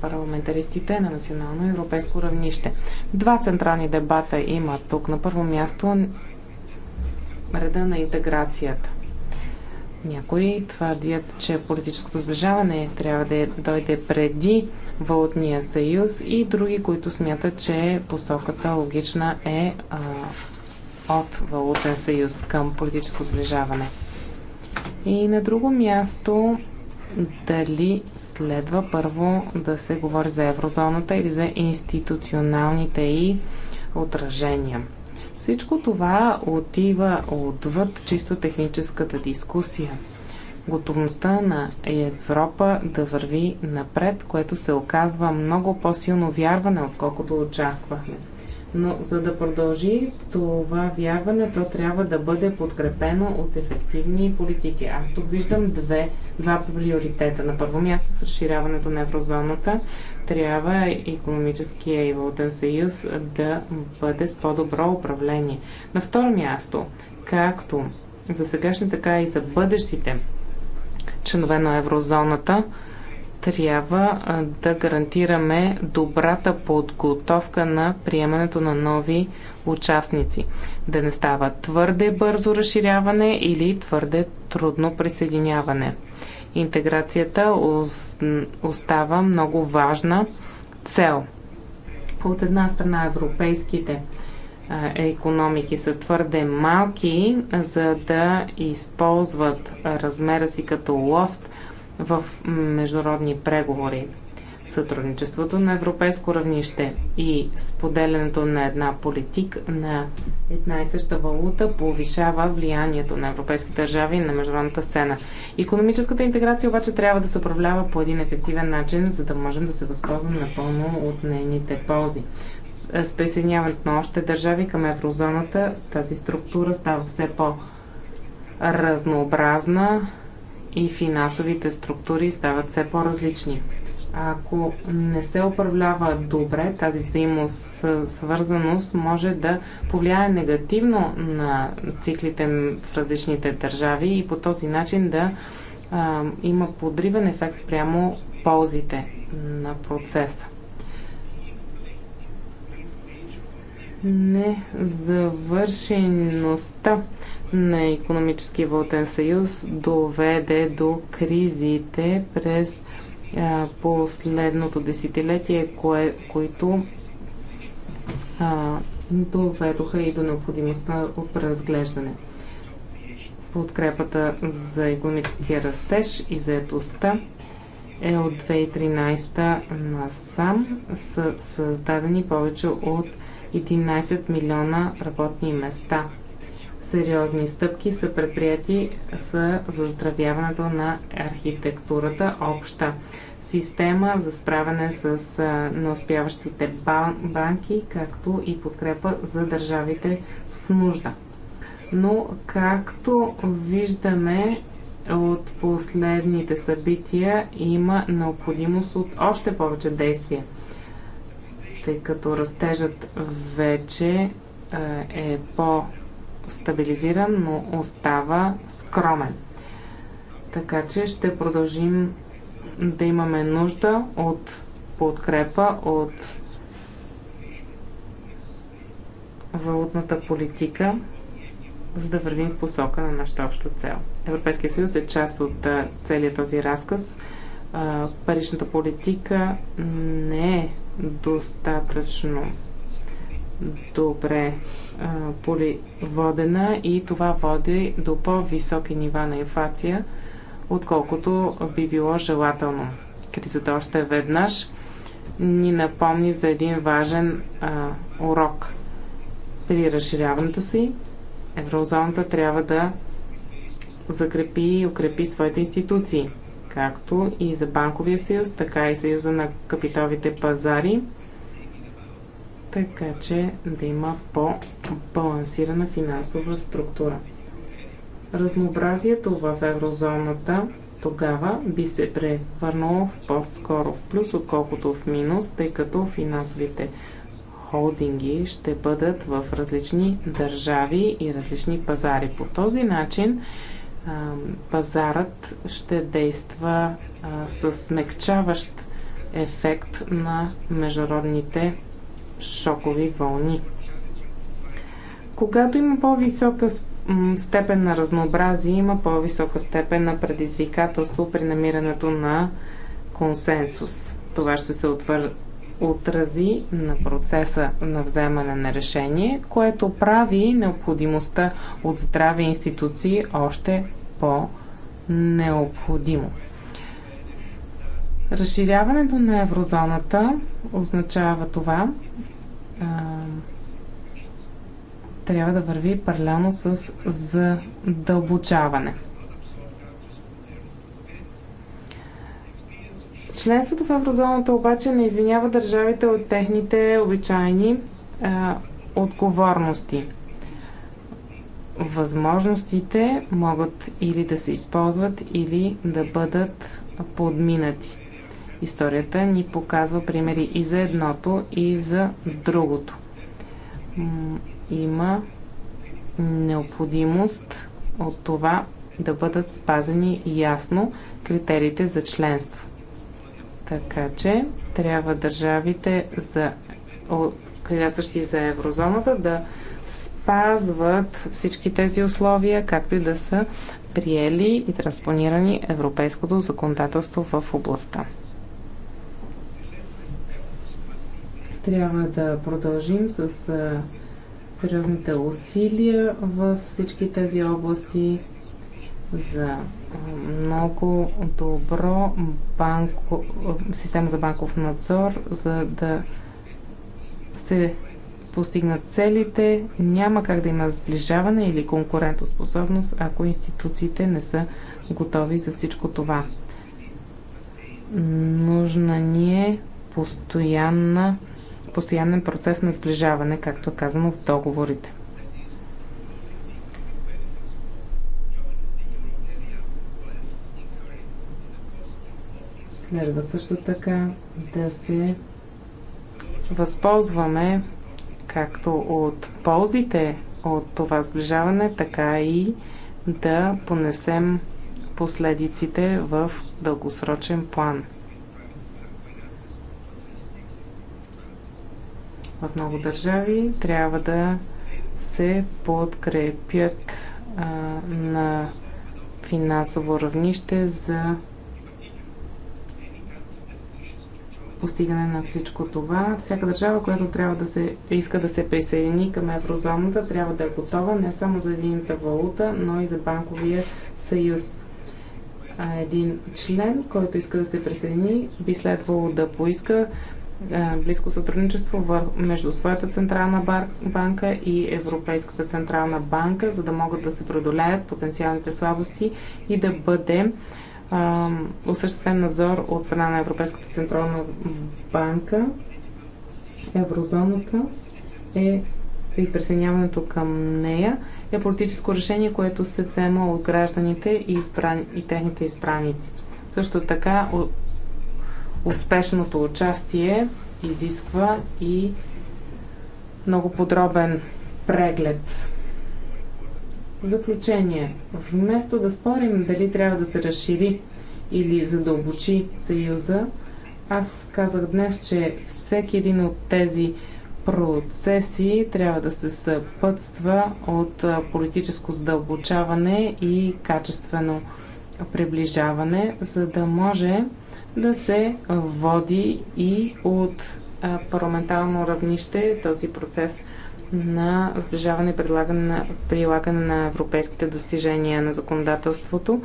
парламентаристите на национално и европейско равнище. Два централни дебата има тук. На първо място реда на интеграцията. Някои твърдят, че политическото сближаване трябва да е- дойде преди валутния съюз и други, които смятат, че посоката логична е а, от валутен съюз към политическо сближаване. И на друго място, дали следва първо да се говори за еврозоната или за институционалните и отражения. Всичко това отива отвъд чисто техническата дискусия готовността на Европа да върви напред, което се оказва много по-силно вярване, отколкото очаквахме. Но за да продължи това вярване, то трябва да бъде подкрепено от ефективни политики. Аз тук виждам две, два приоритета. На първо място с разширяването на еврозоната трябва економическия и валутен съюз да бъде с по-добро управление. На второ място, както за сегашни, така и за бъдещите членове на еврозоната, трябва да гарантираме добрата подготовка на приемането на нови участници. Да не става твърде бързо разширяване или твърде трудно присъединяване. Интеграцията остава много важна цел. От една страна европейските економики са твърде малки, за да използват размера си като лост в международни преговори. Сътрудничеството на европейско равнище и споделянето на една политик на една и съща валута повишава влиянието на европейските държави на международната сцена. Економическата интеграция обаче трябва да се управлява по един ефективен начин, за да можем да се възползваме напълно от нейните ползи. Е, с присъединяването на още държави към еврозоната, тази структура става все по-разнообразна и финансовите структури стават все по-различни. Ако не се управлява добре, тази взаимосвързаност може да повлияе негативно на циклите в различните държави и по този начин да а, има подривен ефект спрямо ползите на процеса. Незавършеността на економически вълтен съюз доведе до кризите през а, последното десетилетие, кое, които а, доведоха и до необходимостта от разглеждане. Подкрепата за економическия растеж и заедостта е от 2013 насам са създадени повече от 11 милиона работни места. Сериозни стъпки са предприяти за заздравяването на архитектурата обща система за справяне с неуспяващите банки, както и подкрепа за държавите в нужда. Но както виждаме от последните събития, има необходимост от още повече действия – тъй като растежът вече е по-стабилизиран, но остава скромен. Така че ще продължим да имаме нужда от подкрепа, от валутната политика, за да вървим в посока на нашата обща цел. Европейския съюз е част от целият този разказ. Паричната политика не е достатъчно добре поливодена и това води до по-високи нива на инфлация, отколкото би било желателно. Кризата още веднъж ни напомни за един важен а, урок. При разширяването си, еврозоната трябва да закрепи и укрепи своите институции – както и за Банковия съюз, така и Съюза на капиталовите пазари, така че да има по-балансирана финансова структура. Разнообразието в еврозоната тогава би се превърнало в по-скоро в плюс, отколкото в минус, тъй като финансовите холдинги ще бъдат в различни държави и различни пазари. По този начин пазарът ще действа с смягчаващ ефект на международните шокови вълни. Когато има по-висока степен на разнообразие, има по-висока степен на предизвикателство при намирането на консенсус. Това ще се отрази на процеса на вземане на решение, което прави необходимостта от здрави институции още по-необходимо. Разширяването на еврозоната означава това, трябва да върви паралелно с задълбочаване. Членството в еврозоната обаче не извинява държавите от техните обичайни а, отговорности. Възможностите могат или да се използват, или да бъдат подминати. Историята ни показва примери и за едното, и за другото. Има необходимост от това да бъдат спазени ясно критериите за членство. Така че трябва държавите за кандидатстващи за еврозоната да спазват всички тези условия, както и да са приели и транспонирани европейското законодателство в областта. Трябва да продължим с сериозните усилия в всички тези области за много добро банко, система за банков надзор, за да се постигнат целите. Няма как да има сближаване или конкурентоспособност, ако институциите не са готови за всичко това. Нужна ни е постоянна, постоянен процес на сближаване, както е казано в договорите. Следва също така да се възползваме както от ползите от това сближаване, така и да понесем последиците в дългосрочен план. В много държави трябва да се подкрепят а, на финансово равнище за постигане на всичко това. Всяка държава, която трябва да се, иска да се присъедини към еврозоната, трябва да е готова не само за едината валута, но и за банковия съюз. А един член, който иска да се присъедини, би следвало да поиска близко сътрудничество между своята централна банка и Европейската централна банка, за да могат да се преодолеят потенциалните слабости и да бъде осъществен надзор от страна на Европейската централна банка, еврозоната е и присъединяването към нея е политическо решение, което се взема от гражданите и, избран... и техните избраници. Също така успешното участие изисква и много подробен преглед Заключение. Вместо да спорим дали трябва да се разшири или задълбочи съюза, аз казах днес, че всеки един от тези процеси трябва да се съпътства от политическо задълбочаване и качествено приближаване, за да може да се води и от парламентално равнище този процес на сближаване и прилагане на европейските достижения на законодателството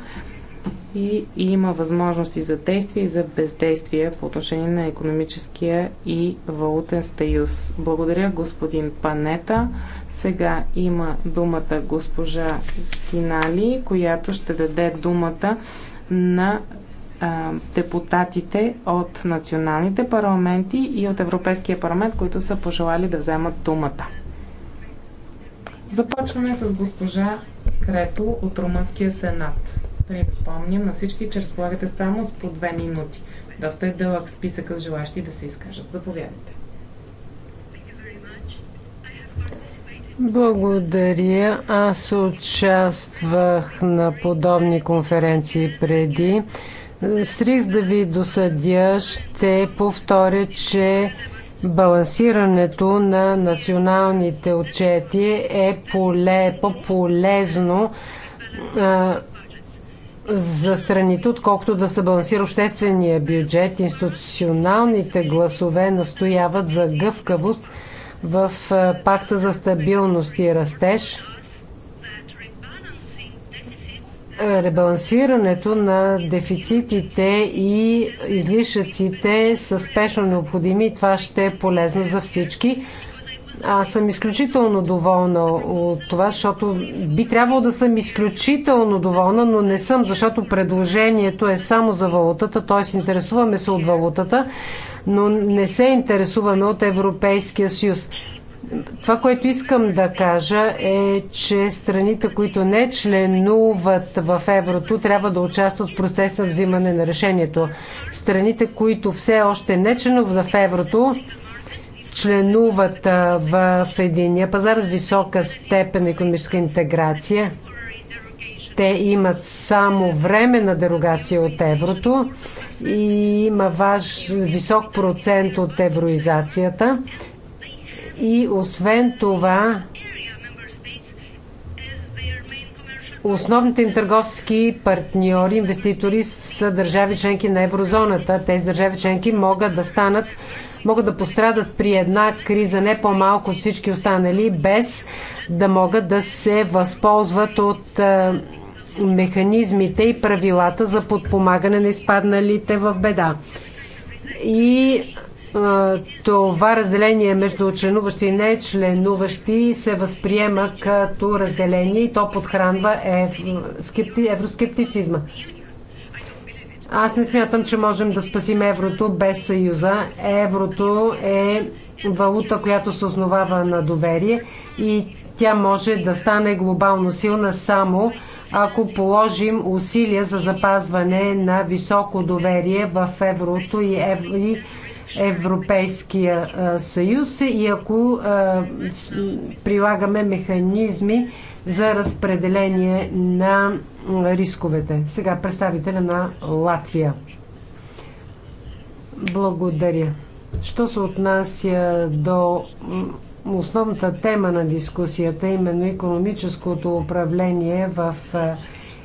и има възможности за действие и за бездействие по отношение на економическия и валутен съюз. Благодаря господин Панета. Сега има думата госпожа Кинали, която ще даде думата на депутатите от националните парламенти и от Европейския парламент, които са пожелали да вземат думата. Започваме с госпожа Крето от Румънския сенат. Припомням на всички, че разполагате само с по две минути. Доста е дълъг списък с желащи да се изкажат. Заповядайте. Благодаря. Аз участвах на подобни конференции преди. С риск да ви досъдя ще повторя, че балансирането на националните отчети е поле, по-полезно за страните, отколкото да се балансира обществения бюджет. Институционалните гласове настояват за гъвкавост в пакта за стабилност и растеж ребалансирането на дефицитите и излишъците са спешно необходими. Това ще е полезно за всички. Аз съм изключително доволна от това, защото би трябвало да съм изключително доволна, но не съм, защото предложението е само за валутата, т.е. интересуваме се от валутата, но не се интересуваме от Европейския съюз. Това, което искам да кажа е, че страните, които не членуват в еврото, трябва да участват в процеса на взимане на решението. Страните, които все още не членуват в еврото, членуват в единия пазар с висока степен на економическа интеграция. Те имат само време на дерогация от еврото и има ваш висок процент от евроизацията. И освен това, основните им търговски партньори, инвеститори са държави членки на еврозоната. Тези държави членки могат да станат, могат да пострадат при една криза не по-малко от всички останали, без да могат да се възползват от механизмите и правилата за подпомагане на изпадналите в беда. И това разделение между членуващи и не членуващи се възприема като разделение и то подхранва евроскептицизма. Аз не смятам, че можем да спасим еврото без съюза. Еврото е валута, която се основава на доверие и тя може да стане глобално силна само ако положим усилия за запазване на високо доверие в еврото и, и Европейския съюз е, и ако прилагаме механизми за разпределение на рисковете. Сега представителя на Латвия. Благодаря. Що се отнася до основната тема на дискусията, именно економическото управление в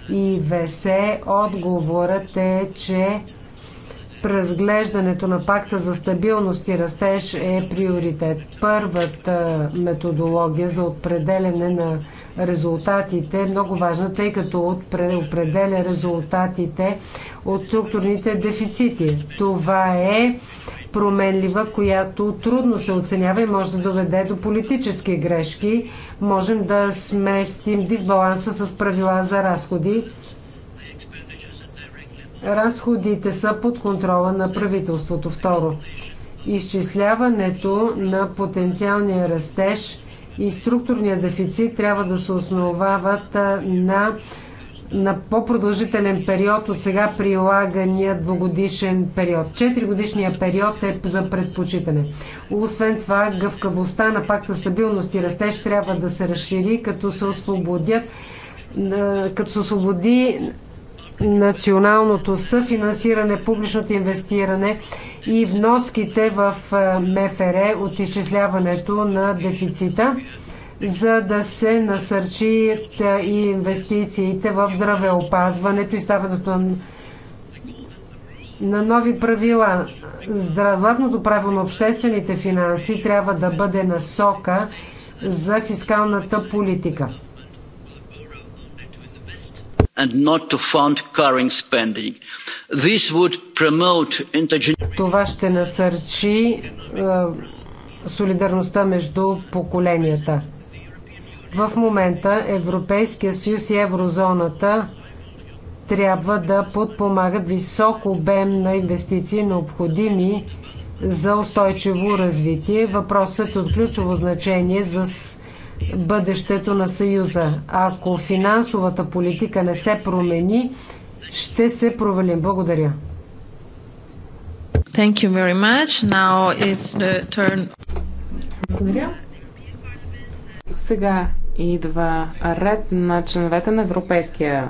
ИВС, отговорът е, че Разглеждането на пакта за стабилност и растеж е приоритет. Първата методология за определене на резултатите е много важна, тъй като определя резултатите от структурните дефицити. Това е променлива, която трудно се оценява и може да доведе до политически грешки. Можем да сместим дисбаланса с правила за разходи разходите са под контрола на правителството. Второ, изчисляването на потенциалния растеж и структурния дефицит трябва да се основават на, на по-продължителен период от сега прилагания двогодишен период. Четиригодишният период е за предпочитане. Освен това, гъвкавостта на пакта стабилност и растеж трябва да се разшири, като се освободят като се освободи националното съфинансиране, публичното инвестиране и вноските в е, МФР от изчисляването на дефицита, за да се насърчат е, и инвестициите в здравеопазването и ставането на на нови правила. Златното право на обществените финанси трябва да бъде насока за фискалната политика and not to fund current spending. This would promote Това ще насърчи е, солидарността между поколенията. В момента Европейския съюз и еврозоната трябва да подпомагат висок обем на инвестиции, необходими за устойчиво развитие. Въпросът е от ключово значение за бъдещето на Съюза. Ако финансовата политика не се промени, ще се провалим. Благодаря. Thank you very much. Now it's the turn. Благодаря. Сега идва ред на членовете на Европейския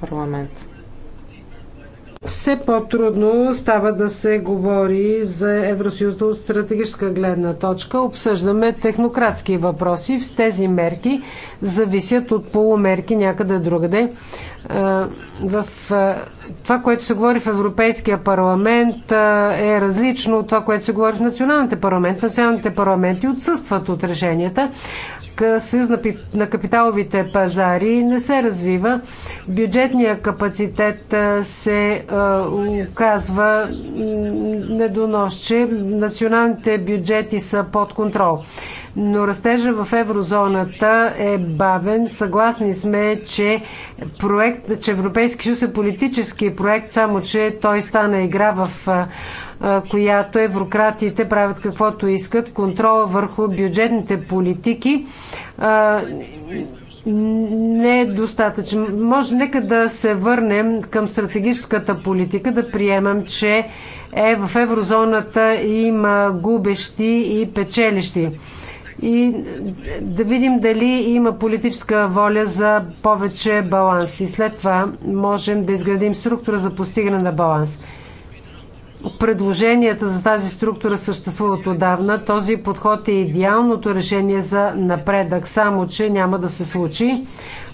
парламент. Все по-трудно става да се говори за Евросъюз от стратегическа гледна точка. Обсъждаме технократски въпроси. С тези мерки зависят от полумерки някъде другаде. Е, в е, това, което се говори в Европейския парламент е, е различно от това, което се говори в националните парламенти. Националните парламенти отсъстват от решенията. Съюз на капиталовите пазари не се развива. Бюджетният капацитет се оказва недоносче. Националните бюджети са под контрол но растежа в еврозоната е бавен. Съгласни сме, че, проект, че Европейски съюз е политически проект, само че той стана игра в която еврократите правят каквото искат, контрола върху бюджетните политики не е достатъчно. Може нека да се върнем към стратегическата политика, да приемам, че е в еврозоната има губещи и печелищи и да видим дали има политическа воля за повече баланс. И след това можем да изградим структура за постигане на баланс. Предложенията за тази структура съществуват отдавна. Този подход е идеалното решение за напредък, само че няма да се случи.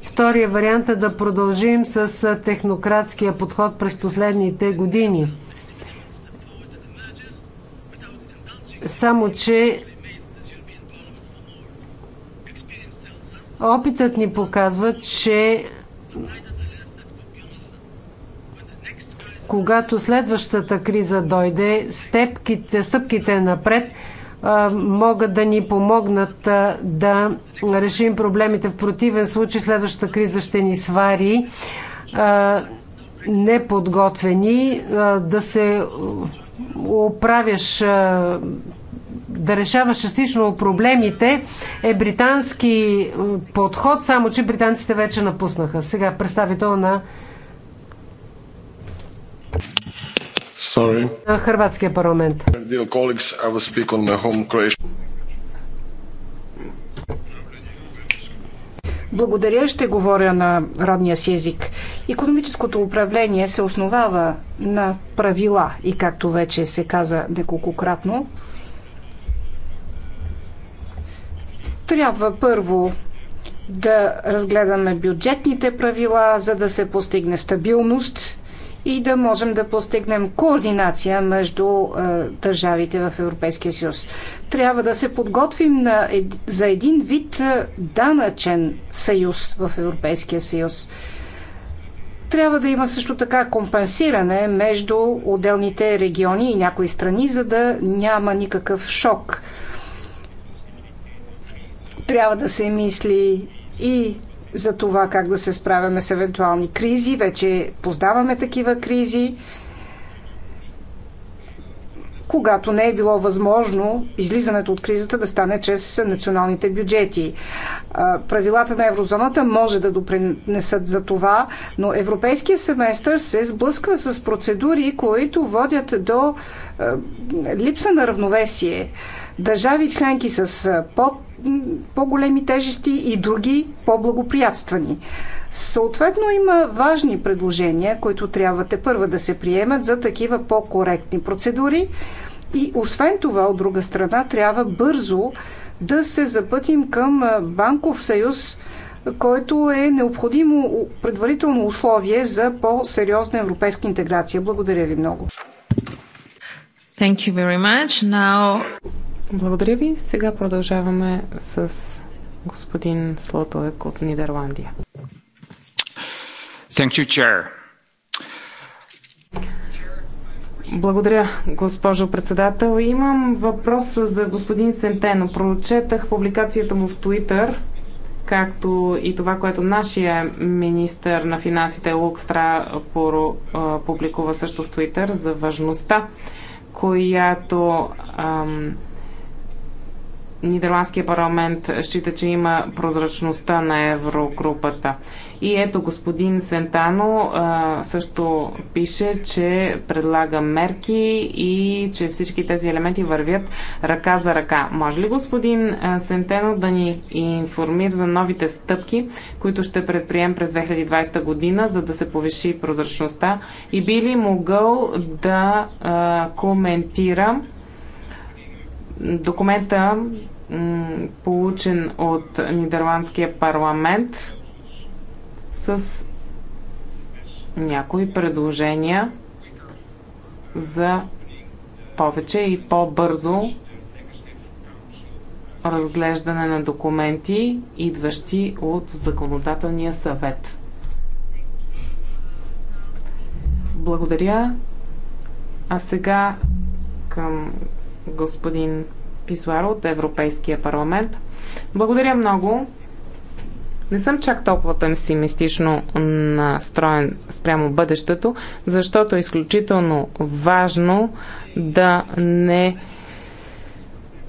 Втория вариант е да продължим с технократския подход през последните години. Само, че Опитът ни показва, че когато следващата криза дойде, степките, стъпките напред а, могат да ни помогнат а, да решим проблемите. В противен случай следващата криза ще ни свари а, неподготвени да се оправяш да решава частично проблемите е британски подход, само че британците вече напуснаха. Сега представител на Sorry. на Хрватския парламент. Благодаря, ще говоря на родния си език. Економическото управление се основава на правила и както вече се каза неколкократно, Трябва първо да разгледаме бюджетните правила, за да се постигне стабилност и да можем да постигнем координация между е, държавите в Европейския съюз. Трябва да се подготвим на, е, за един вид е, данъчен съюз в Европейския съюз. Трябва да има също така компенсиране между отделните региони и някои страни, за да няма никакъв шок трябва да се мисли и за това как да се справяме с евентуални кризи. Вече познаваме такива кризи. Когато не е било възможно излизането от кризата да стане чрез националните бюджети. Правилата на еврозоната може да допринесат за това, но европейския семестър се сблъсква с процедури, които водят до липса на равновесие. Държави членки с под по-големи тежести и други по-благоприятствани. Съответно има важни предложения, които трябва те първа да се приемат за такива по-коректни процедури и освен това, от друга страна, трябва бързо да се запътим към банков съюз, който е необходимо предварително условие за по-сериозна европейска интеграция. Благодаря ви много. Thank you very much. Now... Благодаря ви. Сега продължаваме с господин Слотовек от Нидерландия. Thank you, chair. Благодаря, госпожо председател. Имам въпрос за господин Сентено. Прочетах публикацията му в Твитър, както и това, което нашия министр на финансите Лукстра публикува също в Твитър за важността, която ам, Нидерландския парламент счита, че има прозрачността на еврогрупата. И ето господин Сентано а, също пише, че предлага мерки и че всички тези елементи вървят ръка за ръка. Може ли господин Сентено да ни информира за новите стъпки, които ще предприем през 2020 година, за да се повиши прозрачността и би ли могъл да а, коментира документа, получен от Нидерландския парламент, с някои предложения за повече и по-бързо разглеждане на документи, идващи от Законодателния съвет. Благодаря. А сега към господин Писуаро от Европейския парламент. Благодаря много. Не съм чак толкова пенсимистично, настроен спрямо бъдещето, защото е изключително важно да не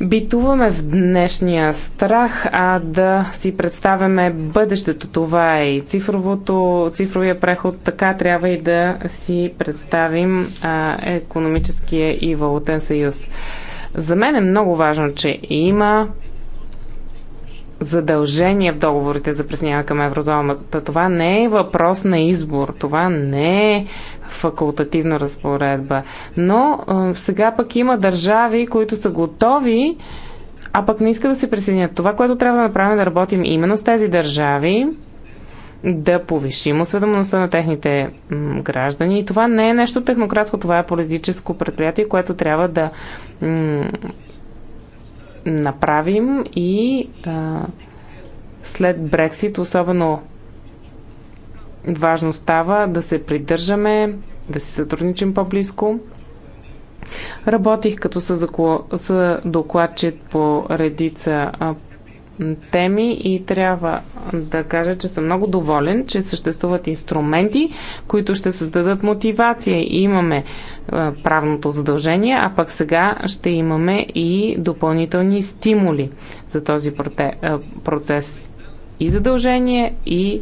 битуваме в днешния страх, а да си представяме бъдещето. Това е и цифровото, цифровия преход. Така трябва и да си представим а, економическия и валутен съюз. За мен е много важно, че има задължение в договорите за присъединяване към еврозоната. Това не е въпрос на избор, това не е факултативна разпоредба. Но сега пък има държави, които са готови, а пък не искат да се присъединят. Това, което трябва да направим, е да работим именно с тези държави, да повишим осведомеността на техните граждани. И това не е нещо технократско, това е политическо предприятие, което трябва да направим и а, след Брексит особено важно става да се придържаме, да си сътрудничим по-близко. Работих като с докладчик по редица теми и трябва да кажа, че съм много доволен, че съществуват инструменти, които ще създадат мотивация. И имаме е, правното задължение, а пък сега ще имаме и допълнителни стимули за този е, процес. И задължение, и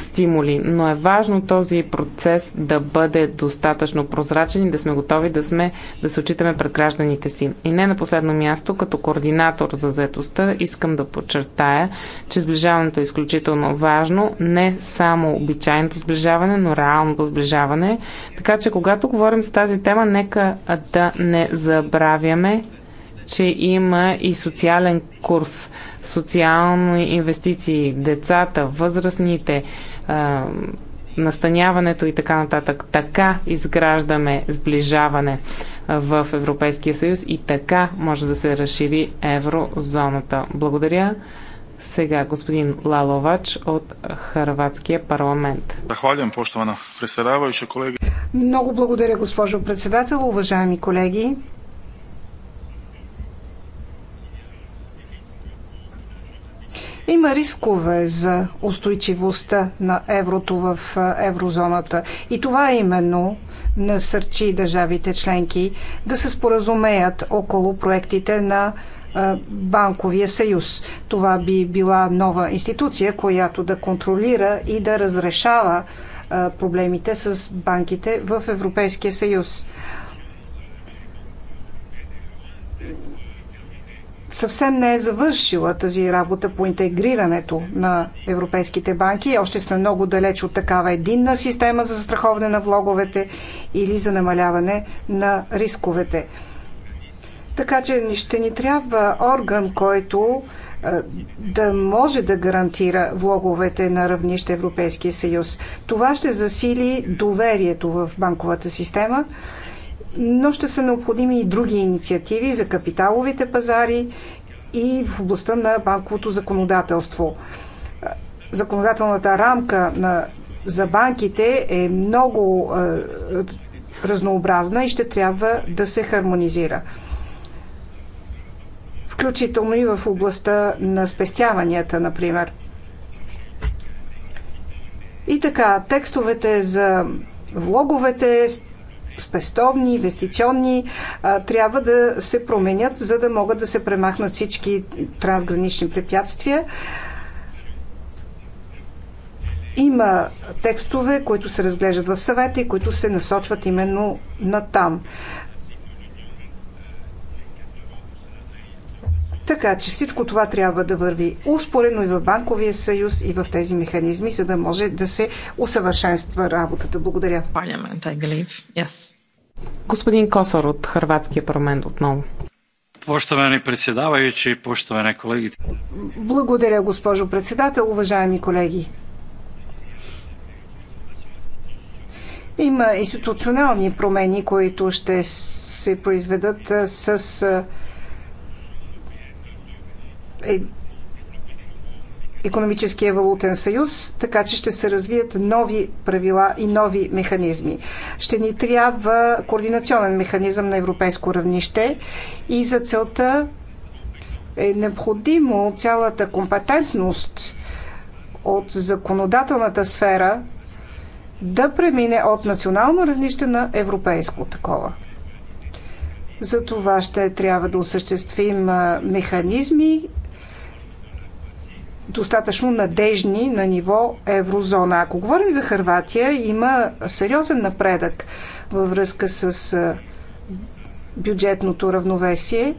стимули, но е важно този процес да бъде достатъчно прозрачен и да сме готови да, сме, да се отчитаме пред гражданите си. И не на последно място, като координатор за заетостта, искам да подчертая, че сближаването е изключително важно, не само обичайното сближаване, но реалното сближаване. Така че, когато говорим с тази тема, нека да не забравяме че има и социален курс, социални инвестиции, децата, възрастните, а, настаняването и така нататък. Така изграждаме сближаване в Европейския съюз и така може да се разшири еврозоната. Благодаря. Сега господин Лаловач от Харватския парламент. Захвалям, поштована председаваща колеги. Много благодаря, госпожо председател, уважаеми колеги. Има рискове за устойчивостта на еврото в еврозоната. И това именно насърчи държавите членки да се споразумеят около проектите на банковия съюз. Това би била нова институция, която да контролира и да разрешава проблемите с банките в Европейския съюз съвсем не е завършила тази работа по интегрирането на европейските банки. Още сме много далеч от такава единна система за застраховане на влоговете или за намаляване на рисковете. Така че ще ни трябва орган, който е, да може да гарантира влоговете на равнище Европейския съюз. Това ще засили доверието в банковата система но ще са необходими и други инициативи за капиталовите пазари и в областта на банковото законодателство. Законодателната рамка на, за банките е много е, разнообразна и ще трябва да се хармонизира. Включително и в областта на спестяванията, например. И така, текстовете за влоговете, спестовни, инвестиционни, трябва да се променят, за да могат да се премахнат всички трансгранични препятствия. Има текстове, които се разглеждат в съвета и които се насочват именно на там. Така че всичко това трябва да върви успорено и в Банковия съюз, и в тези механизми, за да може да се усъвършенства работата. Благодаря. Yes. Господин Косор от Харватския парламент отново. Poštovani predsjedavajući, на колегите. Благодаря, госпожо председател, уважаеми колеги. Има институционални промени, които ще се произведат с е, економическия валутен съюз, така че ще се развият нови правила и нови механизми. Ще ни трябва координационен механизъм на европейско равнище и за целта е необходимо цялата компетентност от законодателната сфера да премине от национално равнище на европейско такова. За това ще трябва да осъществим механизми достатъчно надежни на ниво еврозона. Ако говорим за Харватия, има сериозен напредък във връзка с бюджетното равновесие.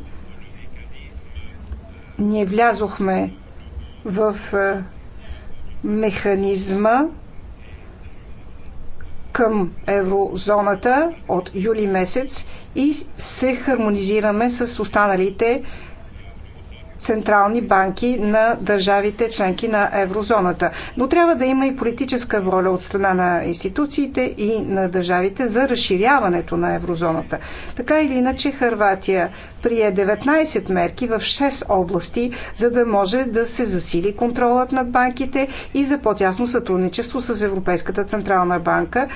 Ние влязохме в механизма към еврозоната от юли месец и се хармонизираме с останалите централни банки на държавите членки на еврозоната. Но трябва да има и политическа воля от страна на институциите и на държавите за разширяването на еврозоната. Така или иначе Харватия прие 19 мерки в 6 области, за да може да се засили контролът над банките и за по-тясно сътрудничество с Европейската централна банка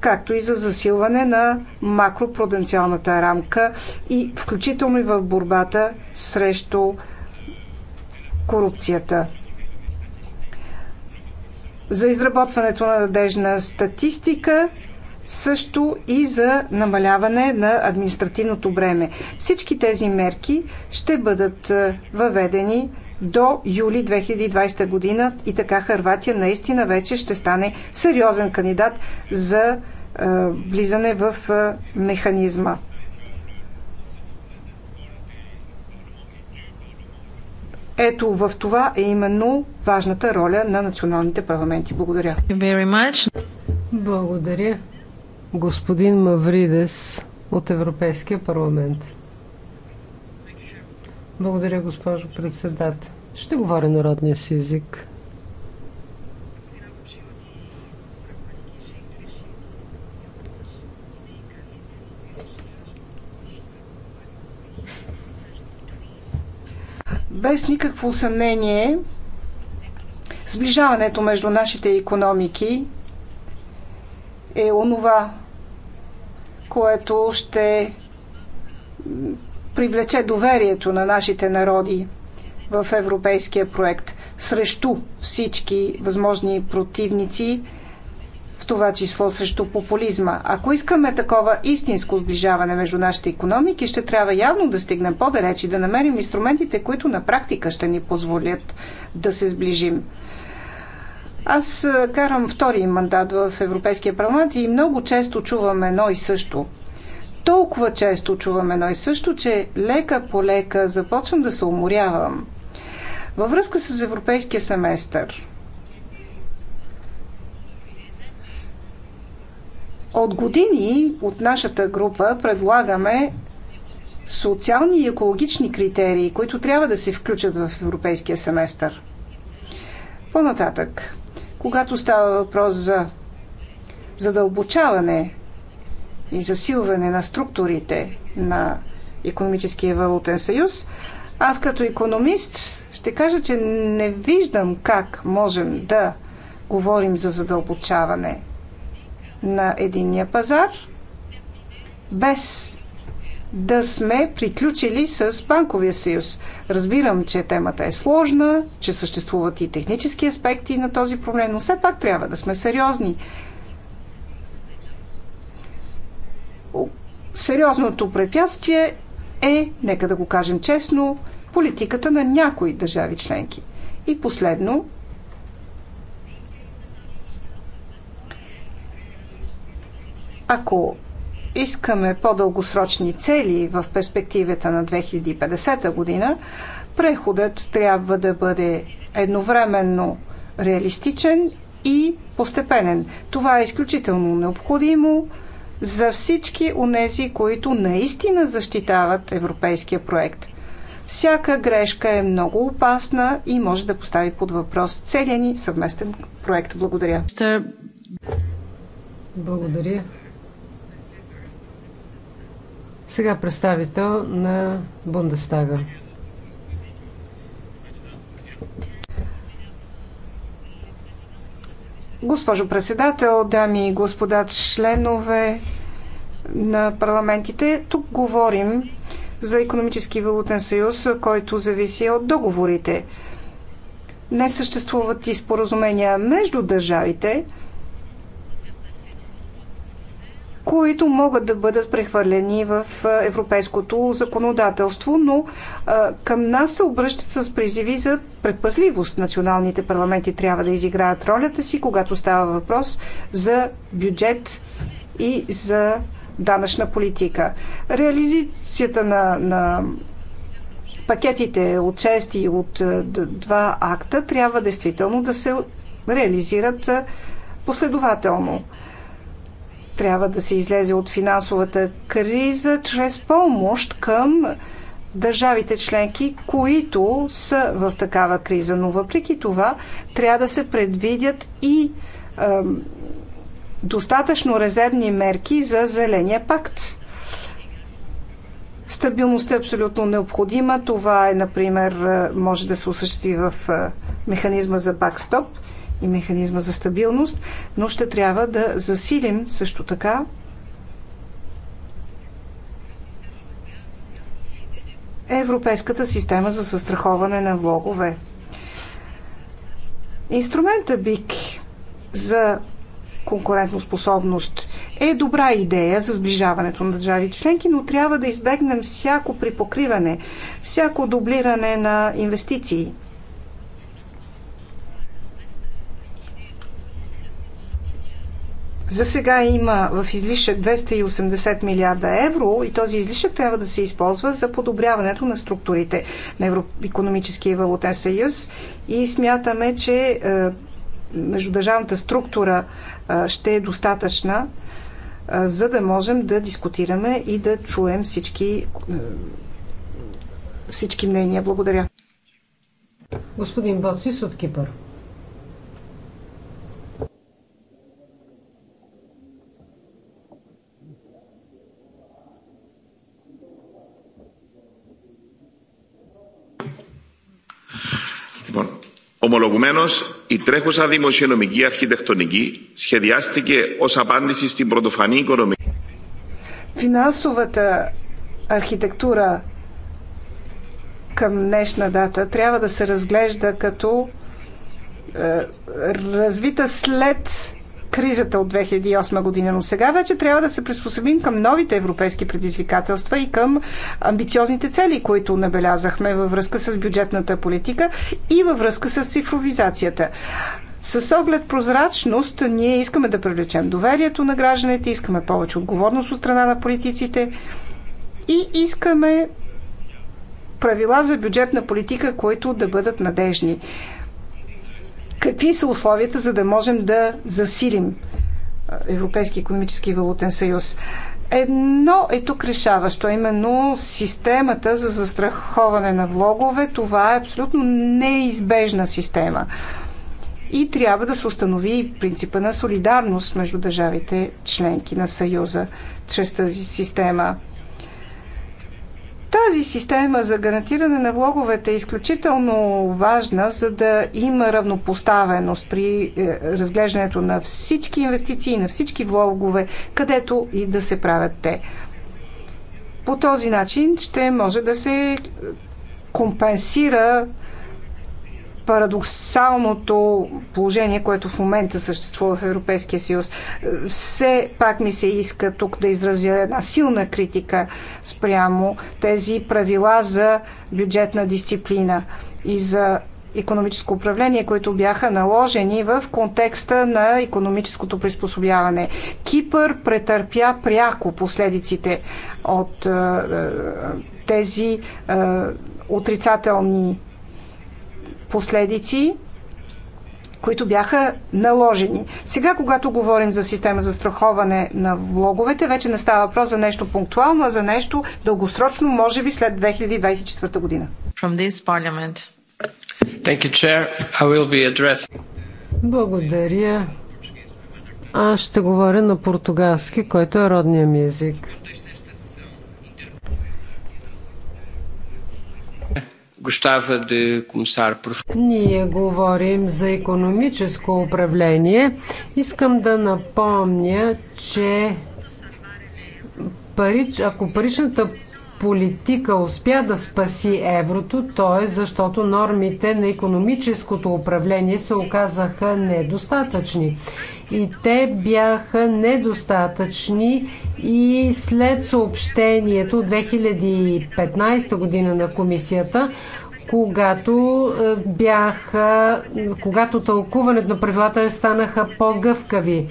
както и за засилване на макропруденциалната рамка и включително и в борбата срещу корупцията. За изработването на надежна статистика също и за намаляване на административното бреме. Всички тези мерки ще бъдат е, въведени до юли 2020 година и така Харватия наистина вече ще стане сериозен кандидат за е, влизане в е, механизма. Ето в това е именно важната роля на националните парламенти. Благодаря. Благодаря. Господин Мавридес от Европейския парламент. Благодаря, госпожо председател. Ще говоря народния си език. Без никакво съмнение, сближаването между нашите економики е онова, което ще привлече доверието на нашите народи в европейския проект срещу всички възможни противници – в това число срещу популизма. Ако искаме такова истинско сближаване между нашите економики, ще трябва явно да стигнем по-далеч и да намерим инструментите, които на практика ще ни позволят да се сближим. Аз е, карам втори мандат в Европейския парламент и много често чувам едно и също. Толкова често чувам едно и също, че лека по лека започвам да се уморявам. Във връзка с европейския семестър, От години от нашата група предлагаме социални и екологични критерии, които трябва да се включат в европейския семестър. По-нататък, когато става въпрос за задълбочаване и засилване на структурите на економическия валутен съюз, аз като економист ще кажа, че не виждам как можем да говорим за задълбочаване на единния пазар, без да сме приключили с банковия съюз. Разбирам, че темата е сложна, че съществуват и технически аспекти на този проблем, но все пак трябва да сме сериозни. Сериозното препятствие е, нека да го кажем честно, политиката на някои държави членки. И последно, Ако искаме по-дългосрочни цели в перспективата на 2050 година, преходът трябва да бъде едновременно реалистичен и постепенен. Това е изключително необходимо за всички онези, които наистина защитават европейския проект. Всяка грешка е много опасна и може да постави под въпрос целия ни съвместен проект. Благодаря. Благодаря. Сега представител на Бундестага. Госпожо председател, дами и господа членове на парламентите, тук говорим за економически валутен съюз, който зависи от договорите. Не съществуват и споразумения между държавите – които могат да бъдат прехвърлени в европейското законодателство, но а, към нас се обръщат с призиви за предпазливост. Националните парламенти трябва да изиграят ролята си, когато става въпрос за бюджет и за данъчна политика. Реализацията на, на пакетите от 6 и от два акта трябва действително да се реализират последователно. Трябва да се излезе от финансовата криза чрез помощ към държавите членки, които са в такава криза. Но въпреки това трябва да се предвидят и е, достатъчно резервни мерки за зеления пакт. Стабилност е абсолютно необходима. Това е, например, може да се осъществи в механизма за бакстоп – и механизма за стабилност, но ще трябва да засилим също така Европейската система за състраховане на влогове. Инструмента БИК за конкурентоспособност е добра идея за сближаването на държави членки, но трябва да избегнем всяко припокриване, всяко дублиране на инвестиции. За сега има в излишък 280 милиарда евро и този излишък трябва да се използва за подобряването на структурите на економическия валутен съюз и смятаме, че е, междудържавната структура е, ще е достатъчна, е, за да можем да дискутираме и да чуем всички, всички мнения. Благодаря. Господин Боцис от Кипър. Ομολογουμένω, η τρέχουσα δημοσιονομική αρχιτεκτονική σχεδιάστηκε ω απάντηση στην πρωτοφανή οικονομική. Финансовата архитектура към днешна дата трябва да се разглежда като е, развита след кризата от 2008 година, но сега вече трябва да се приспособим към новите европейски предизвикателства и към амбициозните цели, които набелязахме във връзка с бюджетната политика и във връзка с цифровизацията. С оглед прозрачност ние искаме да привлечем доверието на гражданите, искаме повече отговорност от страна на политиците и искаме правила за бюджетна политика, които да бъдат надежни какви са условията, за да можем да засилим Европейски економически и валутен съюз. Едно е тук решаващо, именно системата за застраховане на влогове. Това е абсолютно неизбежна система. И трябва да се установи принципа на солидарност между държавите членки на Съюза чрез тази система. Тази система за гарантиране на влоговете е изключително важна, за да има равнопоставеност при е, разглеждането на всички инвестиции, на всички влогове, където и да се правят те. По този начин ще може да се е, компенсира парадоксалното положение, което в момента съществува в Европейския съюз. Все пак ми се иска тук да изразя една силна критика спрямо тези правила за бюджетна дисциплина и за економическо управление, които бяха наложени в контекста на економическото приспособяване. Кипър претърпя пряко последиците от е, е, тези е, отрицателни последици, които бяха наложени. Сега, когато говорим за система за страховане на влоговете, вече не става въпрос за нещо пунктуално, а за нещо дългосрочно, може би след 2024 година. You, Благодаря. Аз ще говоря на португалски, който е родния ми език. Gostava de começar por... Ние говорим за економическо управление. Искам да напомня, че парич, ако паричната политика успя да спаси еврото, то е защото нормите на економическото управление се оказаха недостатъчни и те бяха недостатъчни и след съобщението 2015 година на комисията, когато е, бяха, когато тълкуването на правилата станаха по-гъвкави.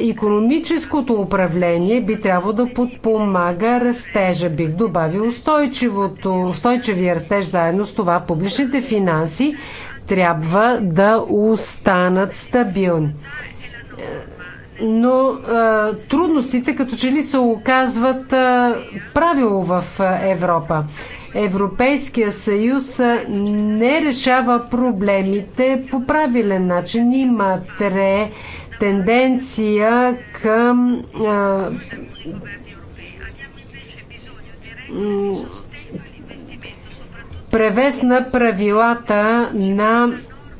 Економическото управление би трябвало да подпомага растежа, бих добавил устойчивото, устойчивия растеж заедно с това публичните финанси трябва да останат стабилни. Но а, трудностите като че ли се оказват а, правило в а, Европа. Европейския съюз не решава проблемите по правилен начин. Има тре тенденция към а, превес на правилата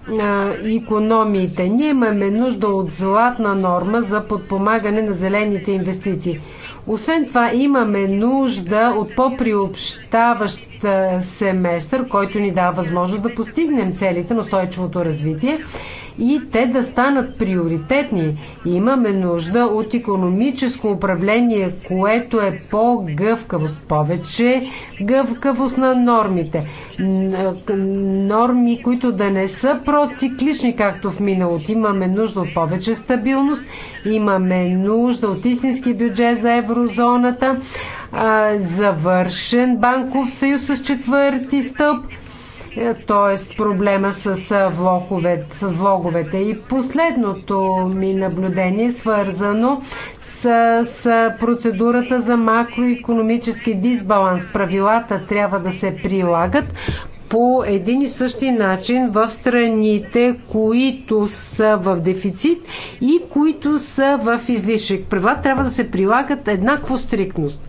на економиите. Ние имаме нужда от златна норма за подпомагане на зелените инвестиции. Освен това имаме нужда от по приобщаващи е, семестър, който ни дава възможност да постигнем целите на устойчивото развитие и те да станат приоритетни. имаме нужда от економическо управление, което е по-гъвкавост, повече гъвкавост на нормите. Е, норми, които да не са проциклични, както в миналото. Имаме нужда от повече стабилност, имаме нужда от истински бюджет за еврозоната, завършен банков съюз с четвърти стъп, е, т.е. проблема с, влоговете, с влоговете. И последното ми наблюдение е свързано с, с процедурата за макроекономически дисбаланс. Правилата трябва да се прилагат по един и същи начин в страните, които са в дефицит и които са в излишък. Правилата трябва да се прилагат еднакво стриктност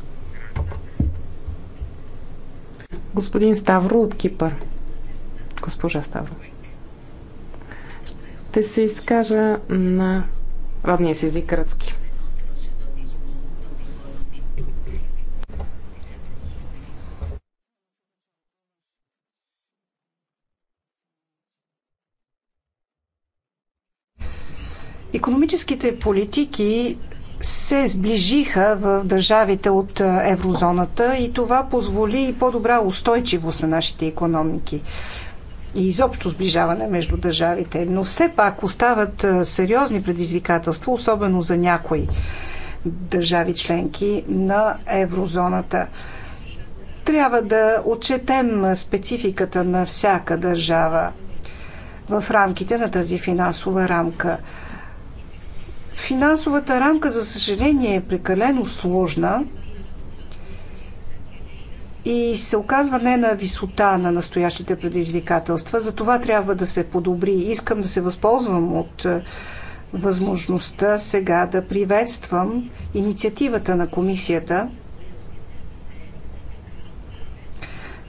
господин Ставро от Кипър. Госпожа Ставро. Ще се изкажа на родния си език гръцки. Економическите политики се сближиха в държавите от е, еврозоната и това позволи и по-добра устойчивост на нашите економики и изобщо сближаване между държавите. Но все пак остават е, сериозни предизвикателства, особено за някои държави членки на еврозоната. Трябва да отчетем спецификата на всяка държава в рамките на тази финансова рамка. Финансовата рамка, за съжаление, е прекалено сложна и се оказва не на висота на настоящите предизвикателства. За това трябва да се подобри. Искам да се възползвам от е, възможността сега да приветствам инициативата на комисията,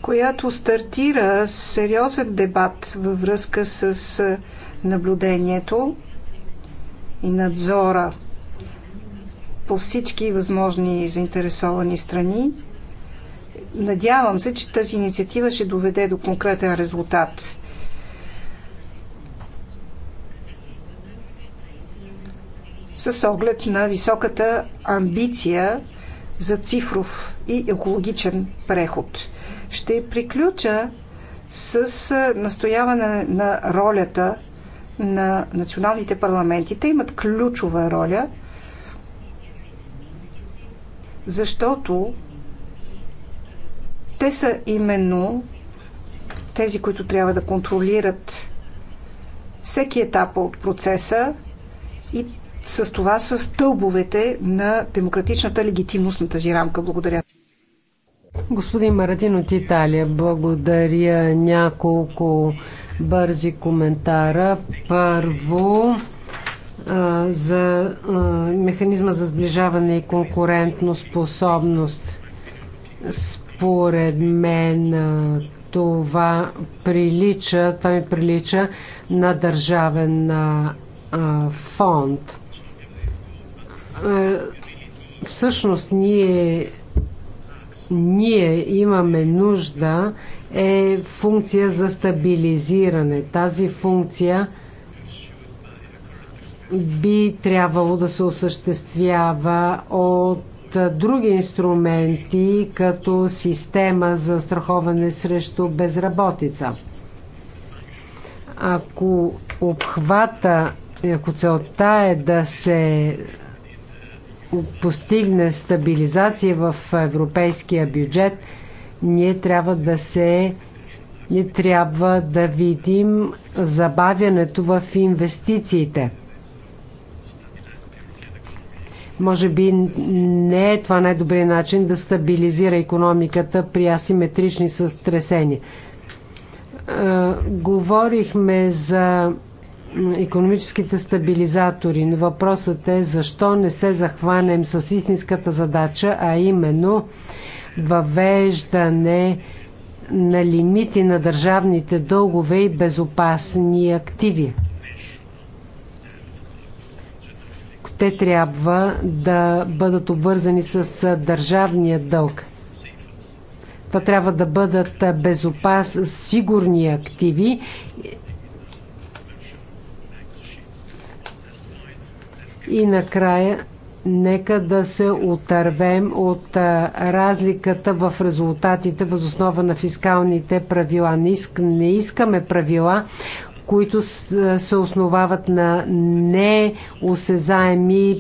която стартира сериозен дебат във връзка с е, наблюдението и надзора по всички възможни заинтересовани страни. Надявам се, че тази инициатива ще доведе до конкретен резултат. С оглед на високата амбиция за цифров и екологичен преход. Ще приключа с настояване на ролята на националните парламенти. Те имат ключова роля, защото те са именно тези, които трябва да контролират всеки етап от процеса и с това са стълбовете на демократичната легитимност на тази рамка. Благодаря. Господин Маратин от Италия, благодаря няколко бързи коментара. Първо, за механизма за сближаване и конкурентно способност. Според мен това прилича, това ми прилича на държавен а, фонд. Всъщност ние ние имаме нужда е функция за стабилизиране. Тази функция би трябвало да се осъществява от други инструменти, като система за страховане срещу безработица. Ако обхвата, ако целта е да се постигне стабилизация в европейския бюджет – ние трябва да се ние трябва да видим забавянето в инвестициите. Може би не е това най-добрият начин да стабилизира економиката при асиметрични сътресения. Е, говорихме за економическите стабилизатори, но въпросът е защо не се захванем с истинската задача, а именно въвеждане на лимити на държавните дългове и безопасни активи. Те трябва да бъдат обвързани с държавния дълг. Това трябва да бъдат безопас, сигурни активи И накрая Нека да се отървем от разликата в резултатите възоснова на фискалните правила. Не, иск, не искаме правила, които се основават на неосезаеми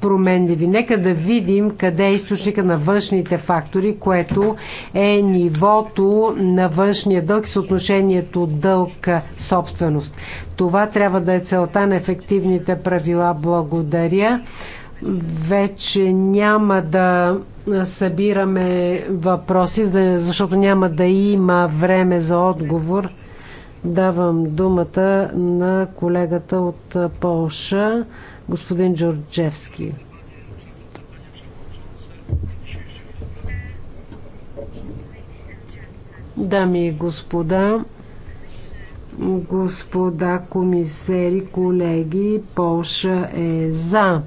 променливи. Нека да видим къде е източника на външните фактори, което е нивото на външния дълг и съотношението дълг-собственост. Това трябва да е целта на ефективните правила. Благодаря вече няма да събираме въпроси, защото няма да има време за отговор. Давам думата на колегата от Полша господин Джорджевски. Дами и господа, господа комисери, колеги, Полша е за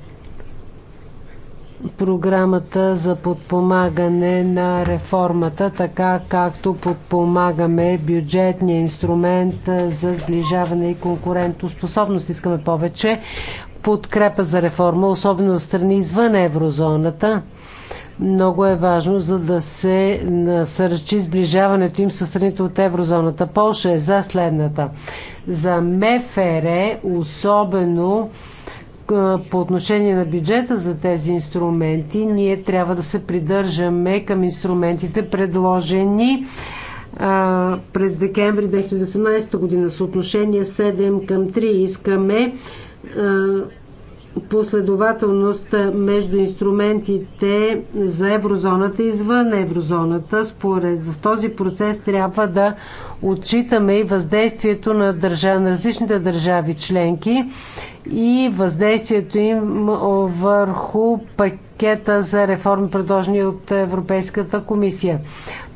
програмата за подпомагане на реформата, така както подпомагаме бюджетния инструмент за сближаване и конкурентоспособност. Искаме повече подкрепа за реформа, особено за страни извън еврозоната. Много е важно, за да се насърчи сближаването им със страните от еврозоната. Полша е за следната. За МФР, е особено по отношение на бюджета за тези инструменти, ние трябва да се придържаме към инструментите, предложени а, през декември 2018 година. Съотношение 7 към 3 искаме е, последователност между инструментите за еврозоната и извън еврозоната. Според в този процес трябва да отчитаме и въздействието на, държа, на различните държави членки и въздействието им върху пакета за реформи, предложени от Европейската комисия.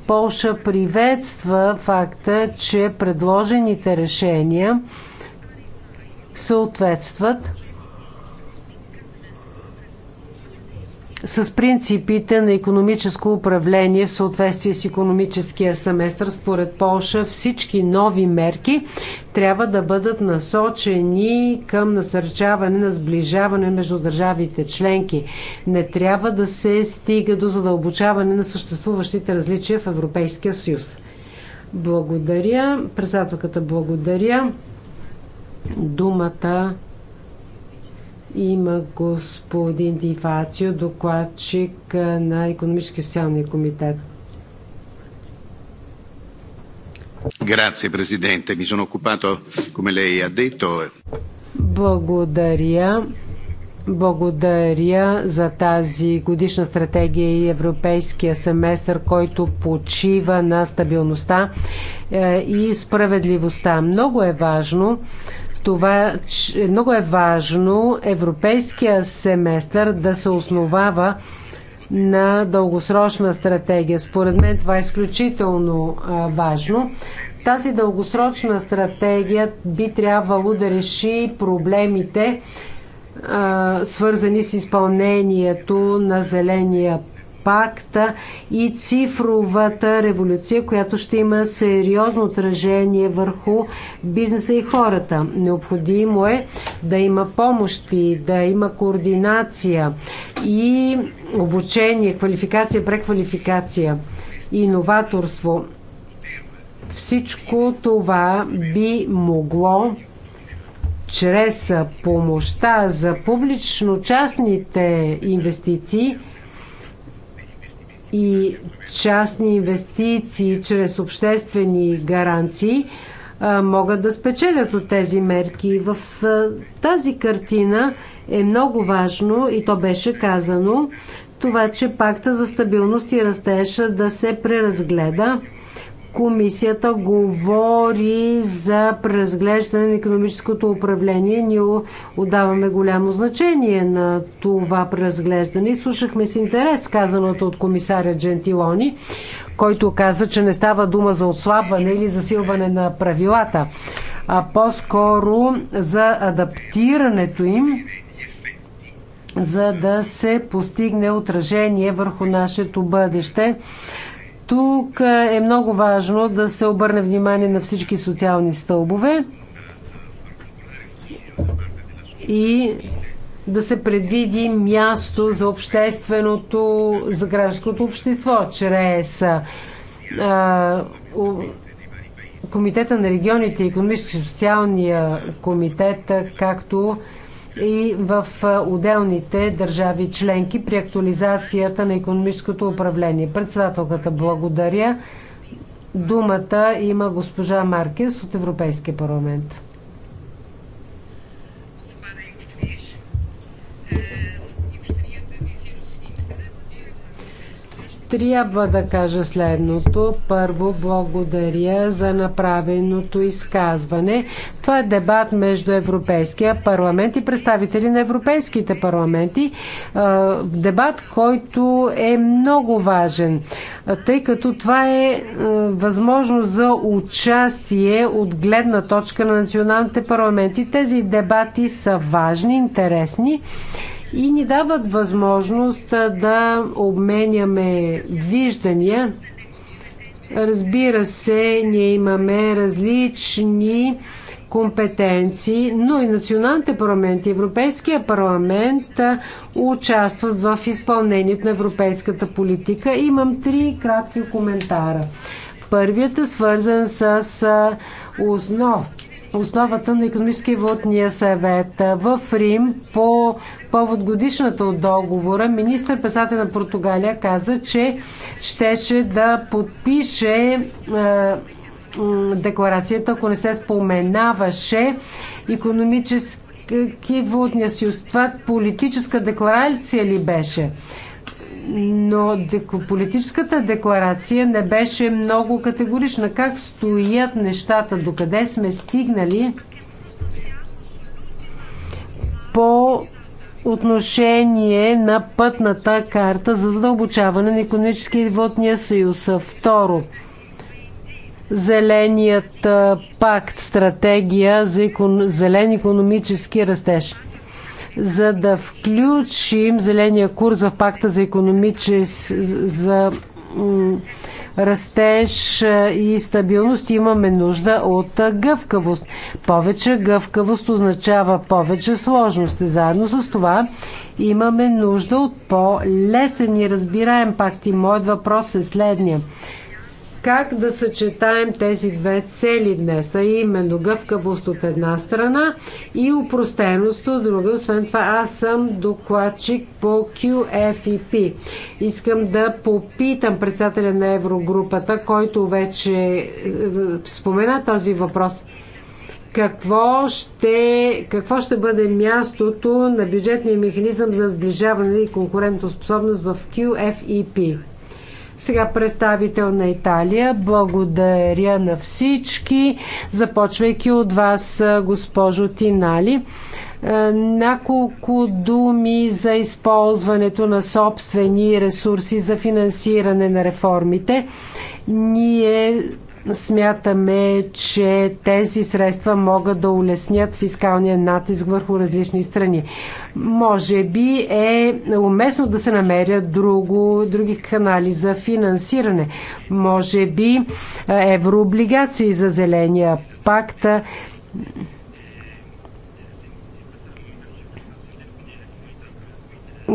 Полша приветства факта, че предложените решения съответстват с принципите на економическо управление в съответствие с економическия семестър. Според Полша всички нови мерки трябва да бъдат насочени към насърчаване на сближаване между държавите членки. Не трябва да се стига до задълбочаване на съществуващите различия в Европейския съюз. Благодаря. Председателката благодаря. Думата има господин Дивацио, докладчик на Економически и социалния комитет. Grazie Presidente, mi sono occupato, come lei ha detto. Благодаря. Благодаря за тази годишна стратегия и европейския семестър, който почива на стабилността е, и справедливостта. Много е важно това че много е важно европейския семестър да се основава на дългосрочна стратегия. Според мен това е изключително важно. Тази дългосрочна стратегия би трябвало да реши проблемите, свързани с изпълнението на зеления пакта и цифровата революция, която ще има сериозно отражение върху бизнеса и хората. Необходимо е да има помощи, да има координация и обучение, квалификация, преквалификация, иноваторство. Всичко това би могло чрез помощта за публично-частните инвестиции – и частни инвестиции чрез обществени гаранции могат да спечелят от тези мерки. В тази картина е много важно, и то беше казано, това, че пакта за стабилност и растеж да се преразгледа Комисията говори за преразглеждане на економическото управление. Ние отдаваме голямо значение на това преразглеждане и слушахме с интерес казаното от комисаря Джентилони, който каза, че не става дума за отслабване или засилване на правилата, а по-скоро за адаптирането им за да се постигне отражение върху нашето бъдеще. Тук е много важно да се обърне внимание на всички социални стълбове и да се предвиди място за общественото, за гражданското общество, чрез а, у, Комитета на регионите, економически и социалния комитет, както и в отделните държави членки при актуализацията на економическото управление. Председателката благодаря. Думата има госпожа Маркес от Европейския парламент. Трябва да кажа следното. Първо, благодаря за направеното изказване. Това е дебат между Европейския парламент и представители на европейските парламенти. Е, дебат, който е много важен, тъй като това е, е възможност за участие от гледна точка на националните парламенти. Тези дебати са важни, интересни и ни дават възможност да обменяме виждания. Разбира се, ние имаме различни компетенции, но и националните парламенти, Европейския парламент участват в изпълнението на европейската политика. Имам три кратки коментара. Първият е свързан с основ, основата на економически и валутния съвет. В Рим по повод годишната от договора министър-председател на Португалия каза, че щеше да подпише е, декларацията, ако не се споменаваше економически валутния съюз. Това политическа декларация ли беше? но политическата декларация не беше много категорична. Как стоят нещата, докъде сме стигнали по отношение на пътната карта за задълбочаване на економически и вотния съюз. Второ, Зеленият пакт, стратегия за зелен економически растеж за да включим зеления курс в пакта за економически за растеж и стабилност имаме нужда от гъвкавост. Повече гъвкавост означава повече сложности. Заедно с това имаме нужда от по-лесен и разбираем пакт. И моят въпрос е следния как да съчетаем тези две цели днес, а именно гъвкавост от една страна и упростеност от друга. Освен това, аз съм докладчик по QFEP. Искам да попитам председателя на Еврогрупата, който вече е, спомена този въпрос какво ще, какво ще бъде мястото на бюджетния механизъм за сближаване и конкурентоспособност в QFEP? Сега представител на Италия. Благодаря на всички, започвайки от вас, госпожо Тинали. Е, няколко думи за използването на собствени ресурси за финансиране на реформите. Ние Смятаме, че тези средства могат да улеснят фискалния натиск върху различни страни. Може би е уместно да се намерят друго, други канали за финансиране. Може би е, еврооблигации за зеления пакт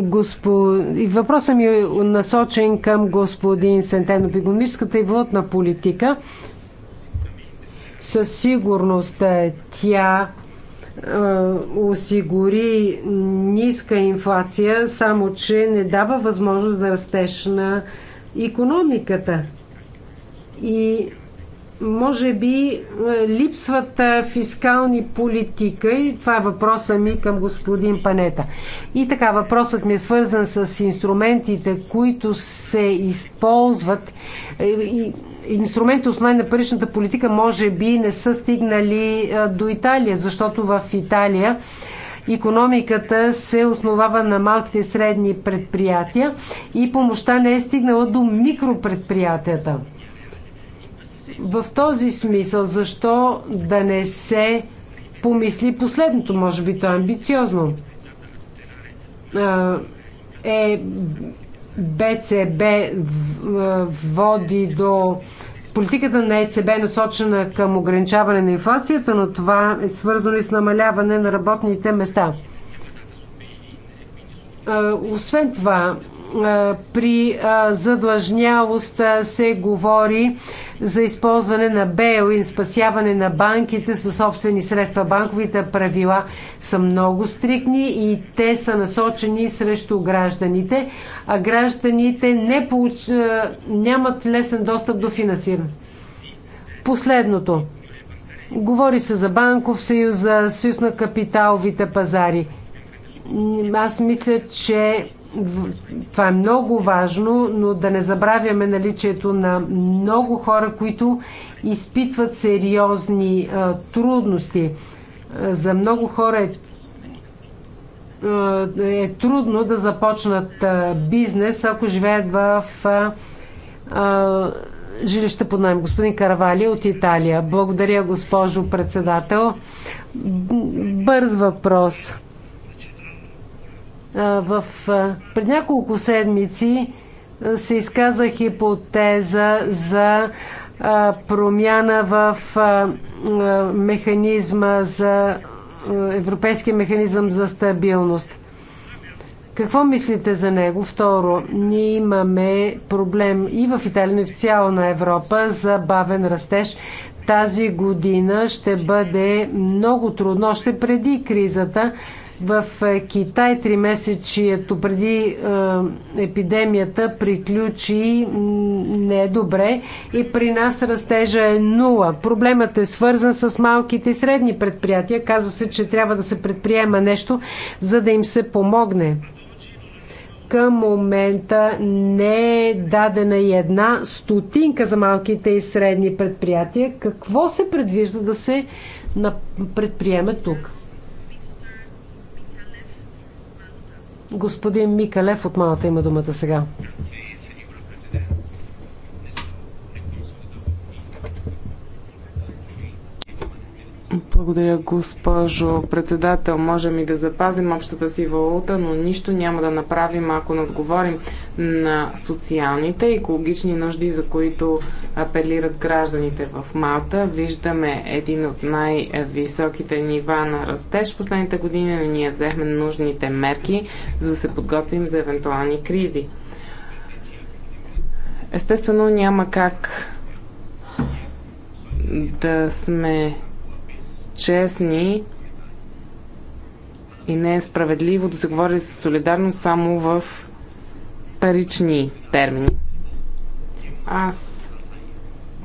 Госпо... Въпросът ми е насочен към господин Сентен по економическата и валутна политика. Със сигурност е, тя е, осигури ниска инфлация, само че не дава възможност да растеш на економиката. И може би е, липсват е, фискални политика и това е въпроса ми към господин Панета. И така, въпросът ми е свързан с инструментите, които се използват. Е, инструменти, основани на паричната политика, може би не са стигнали до Италия, защото в Италия економиката се основава на малките и средни предприятия и помощта не е стигнала до микропредприятията. В този смисъл, защо да не се помисли последното? Може би то е амбициозно. Е, БЦБ води до Политиката на ЕЦБ е насочена към ограничаване на инфлацията, но това е свързано и с намаляване на работните места. Освен това, при задлъжнялост се говори за използване на и спасяване на банките със собствени средства. Банковите правила са много стрикни и те са насочени срещу гражданите, а гражданите не получ... нямат лесен достъп до финансиране. Последното. Говори се за банков съюз, за съюз на капиталовите пазари. Аз мисля, че това е много важно, но да не забравяме наличието на много хора, които изпитват сериозни а, трудности. За много хора е, е трудно да започнат а, бизнес, ако живеят в а, а, жилище под найем. Господин Каравали от Италия. Благодаря, госпожо председател. Бърз въпрос. В, пред няколко седмици се изказа хипотеза за промяна в механизма за европейския механизъм за стабилност. Какво мислите за него? Второ, ние имаме проблем и в Италия, но и в цяла Европа за бавен растеж. Тази година ще бъде много трудно, още преди кризата. В е, Китай три месечието преди е, епидемията приключи не е добре и при нас растежа е нула. Проблемът е свързан с малките и средни предприятия. Казва се, че трябва да се предприема нещо, за да им се помогне към момента не е дадена и една стотинка за малките и средни предприятия. Какво се предвижда да се предприеме тук? Господин Микалев от Малата има думата сега. Благодаря, госпожо председател. Можем и да запазим общата си валута, но нищо няма да направим, ако не отговорим на социалните и екологични нужди, за които апелират гражданите в Малта. Виждаме един от най-високите нива на растеж в последните години, но ние взехме нужните мерки, за да се подготвим за евентуални кризи. Естествено, няма как да сме честни и не е справедливо да се говори за солидарност само в парични термини. Аз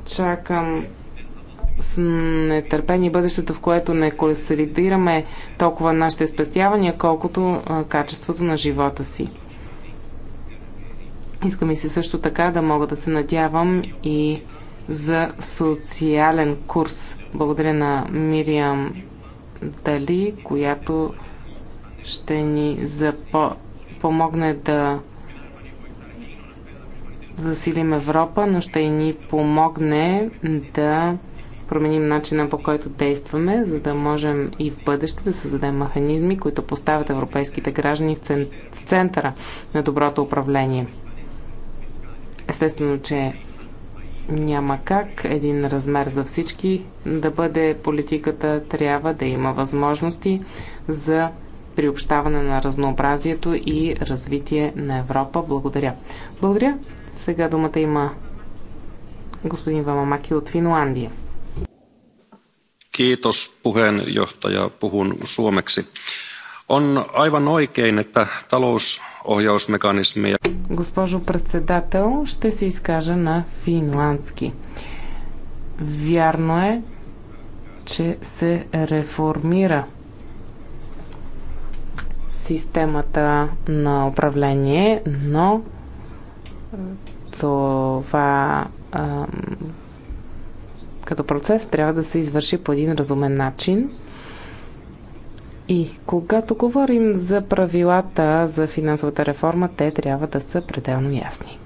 чакам с нетърпение бъдещето, в което не консолидираме толкова нашите спестявания, колкото а, качеството на живота си. Искам и се също така да мога да се надявам и за социален курс. Благодаря на Мириам Дали, която ще ни запо... помогне да засилим Европа, но ще и ни помогне да променим начина по който действаме, за да можем и в бъдеще да създадем механизми, които поставят европейските граждани в центъра на доброто управление. Естествено, че няма как един размер за всички да бъде политиката. Трябва да има възможности за приобщаване на разнообразието и развитие на Европа. Благодаря. Благодаря. Сега думата има господин Вамамаки от Финландия. Kiitos puheenjohtaja. Puhun suomeksi. On aivan oikein, että talousohjausmekanismia... Госпожо председател, ще се изкажа на финландски. Вярно е, че се реформира системата на управление, но е, това като процес трябва да се извърши по един разумен начин и когато говорим за правилата за финансовата реформа, те трябва да са пределно ясни.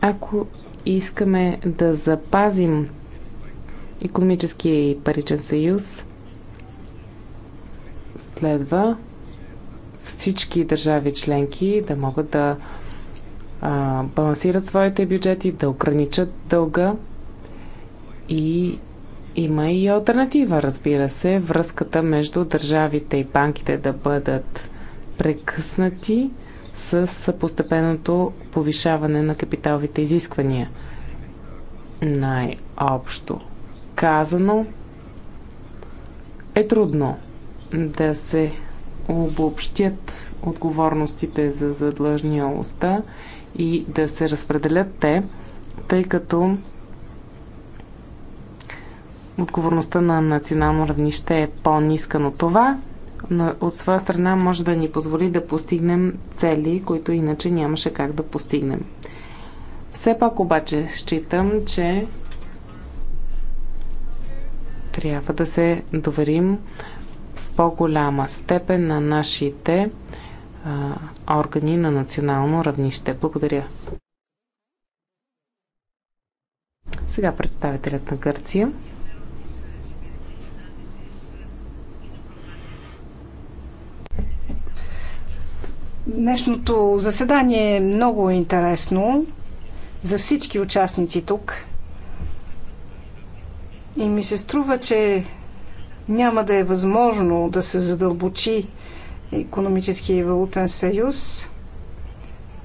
Ако искаме да запазим економическия и паричен съюз, следва всички държави членки да могат да а, балансират своите бюджети, да ограничат дълга и има и альтернатива, разбира се, връзката между държавите и банките да бъдат прекъснати с постепенното повишаване на капиталовите изисквания. Най-общо казано е трудно да се обобщят отговорностите за задлъжнялостта и да се разпределят те, тъй като отговорността на национално равнище е по-ниска, но това от своя страна може да ни позволи да постигнем цели, които иначе нямаше как да постигнем. Все пак обаче считам, че трябва да се доверим в по-голяма степен на нашите а, органи на национално равнище. Благодаря. Сега представителят на Гърция. Днешното заседание е много интересно за всички участници тук. И ми се струва, че няма да е възможно да се задълбочи економически и валутен съюз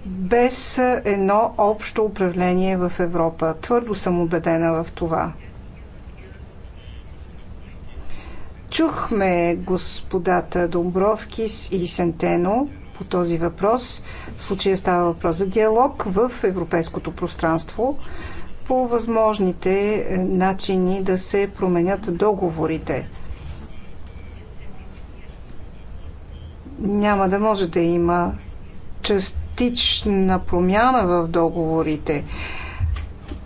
без едно общо управление в Европа. Твърдо съм убедена в това. Чухме господата Домбровкис и Сентено по този въпрос. В случая става въпрос за диалог в европейското пространство по възможните е, начини да се променят договорите. Няма да може да има частична промяна в договорите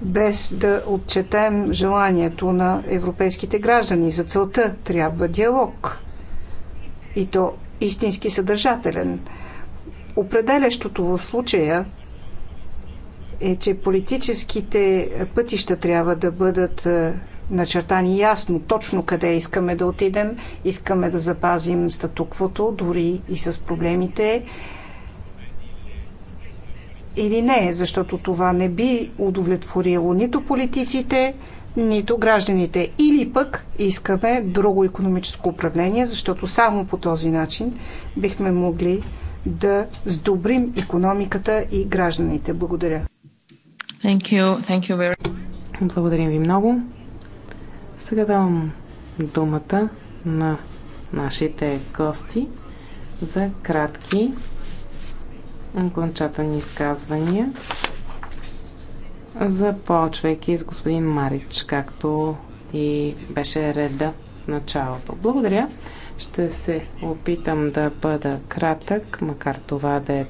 без да отчетем желанието на европейските граждани. За целта трябва диалог. И то истински съдържателен. Определящото в случая е, че политическите пътища трябва да бъдат е, начертани ясно, точно къде искаме да отидем. Искаме да запазим статуквото, дори и с проблемите или не, защото това не би удовлетворило нито политиците, нито гражданите. Или пък искаме друго економическо управление, защото само по този начин бихме могли да сдобрим економиката и гражданите. Благодаря. Thank you. Thank you very... Благодарим ви много. Сега давам думата на нашите гости за кратки окончателни изказвания, започвайки с господин Марич, както и беше реда в началото. Благодаря. Ще се опитам да бъда кратък, макар това да е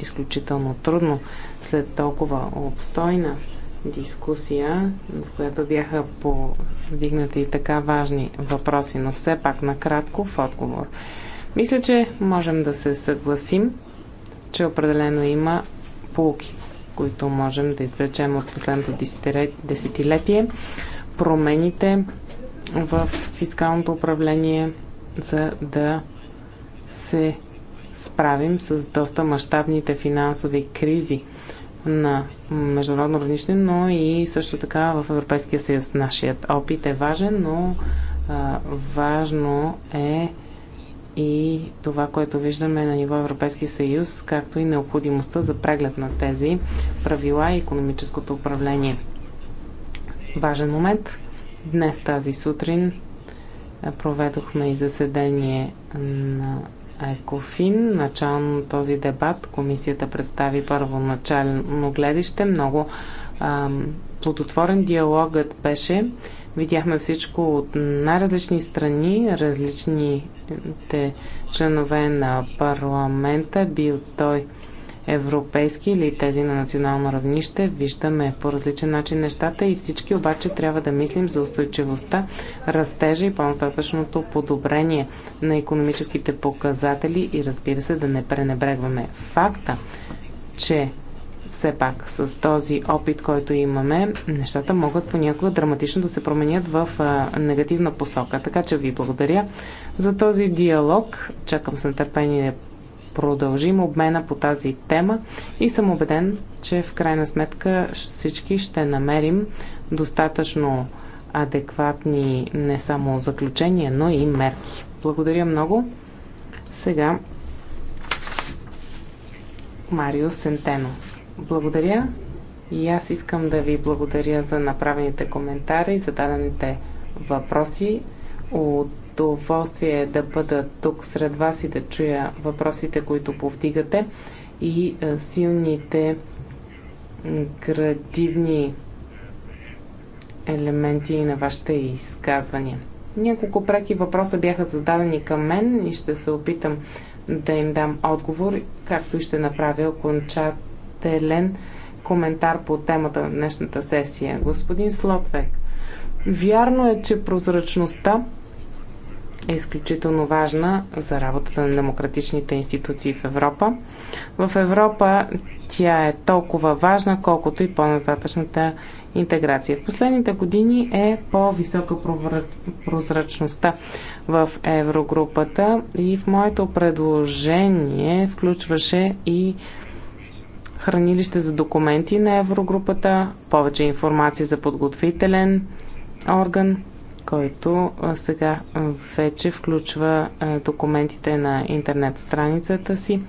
изключително трудно след толкова обстойна дискусия, в която бяха повдигнати и така важни въпроси, но все пак накратко в отговор. Мисля, че можем да се съгласим, че определено има полки, които можем да извлечем от последното десетилетие. Промените в фискалното управление, за да се справим с доста мащабните финансови кризи на международно равнище, но и също така в Европейския съюз. Нашият опит е важен, но а, важно е и това, което виждаме на ниво Европейски съюз, както и необходимостта за преглед на тези правила и економическото управление. Важен момент. Днес тази сутрин е, проведохме и заседание на Екофин. Начално този дебат комисията представи първоначално гледище. Много ам, плодотворен диалогът беше. Видяхме всичко от най-различни страни, различните членове на парламента, бил той европейски или тези на национално равнище. Виждаме по различен начин нещата и всички обаче трябва да мислим за устойчивостта, растежа и по-нататъчното подобрение на економическите показатели и разбира се да не пренебрегваме факта, че все пак с този опит, който имаме, нещата могат понякога драматично да се променят в а, негативна посока. Така че ви благодаря за този диалог. Чакам с нетърпение продължим обмена по тази тема и съм убеден, че в крайна сметка всички ще намерим достатъчно адекватни не само заключения, но и мерки. Благодаря много. Сега Марио Сентено. Благодаря и аз искам да ви благодаря за направените коментари, за дадените въпроси. От удоволствие да бъда тук сред вас и да чуя въпросите, които повдигате и е, силните градивни елементи на вашите изказвания. Няколко преки въпроса бяха зададени към мен и ще се опитам да им дам отговор, както и ще направя окончателен коментар по темата на днешната сесия. Господин Слотвек, вярно е, че прозрачността е изключително важна за работата на демократичните институции в Европа. В Европа тя е толкова важна, колкото и по-нататъчната интеграция. В последните години е по-висока прозрачността в еврогрупата и в моето предложение включваше и хранилище за документи на еврогрупата, повече информация за подготвителен орган който сега вече включва документите на интернет страницата си.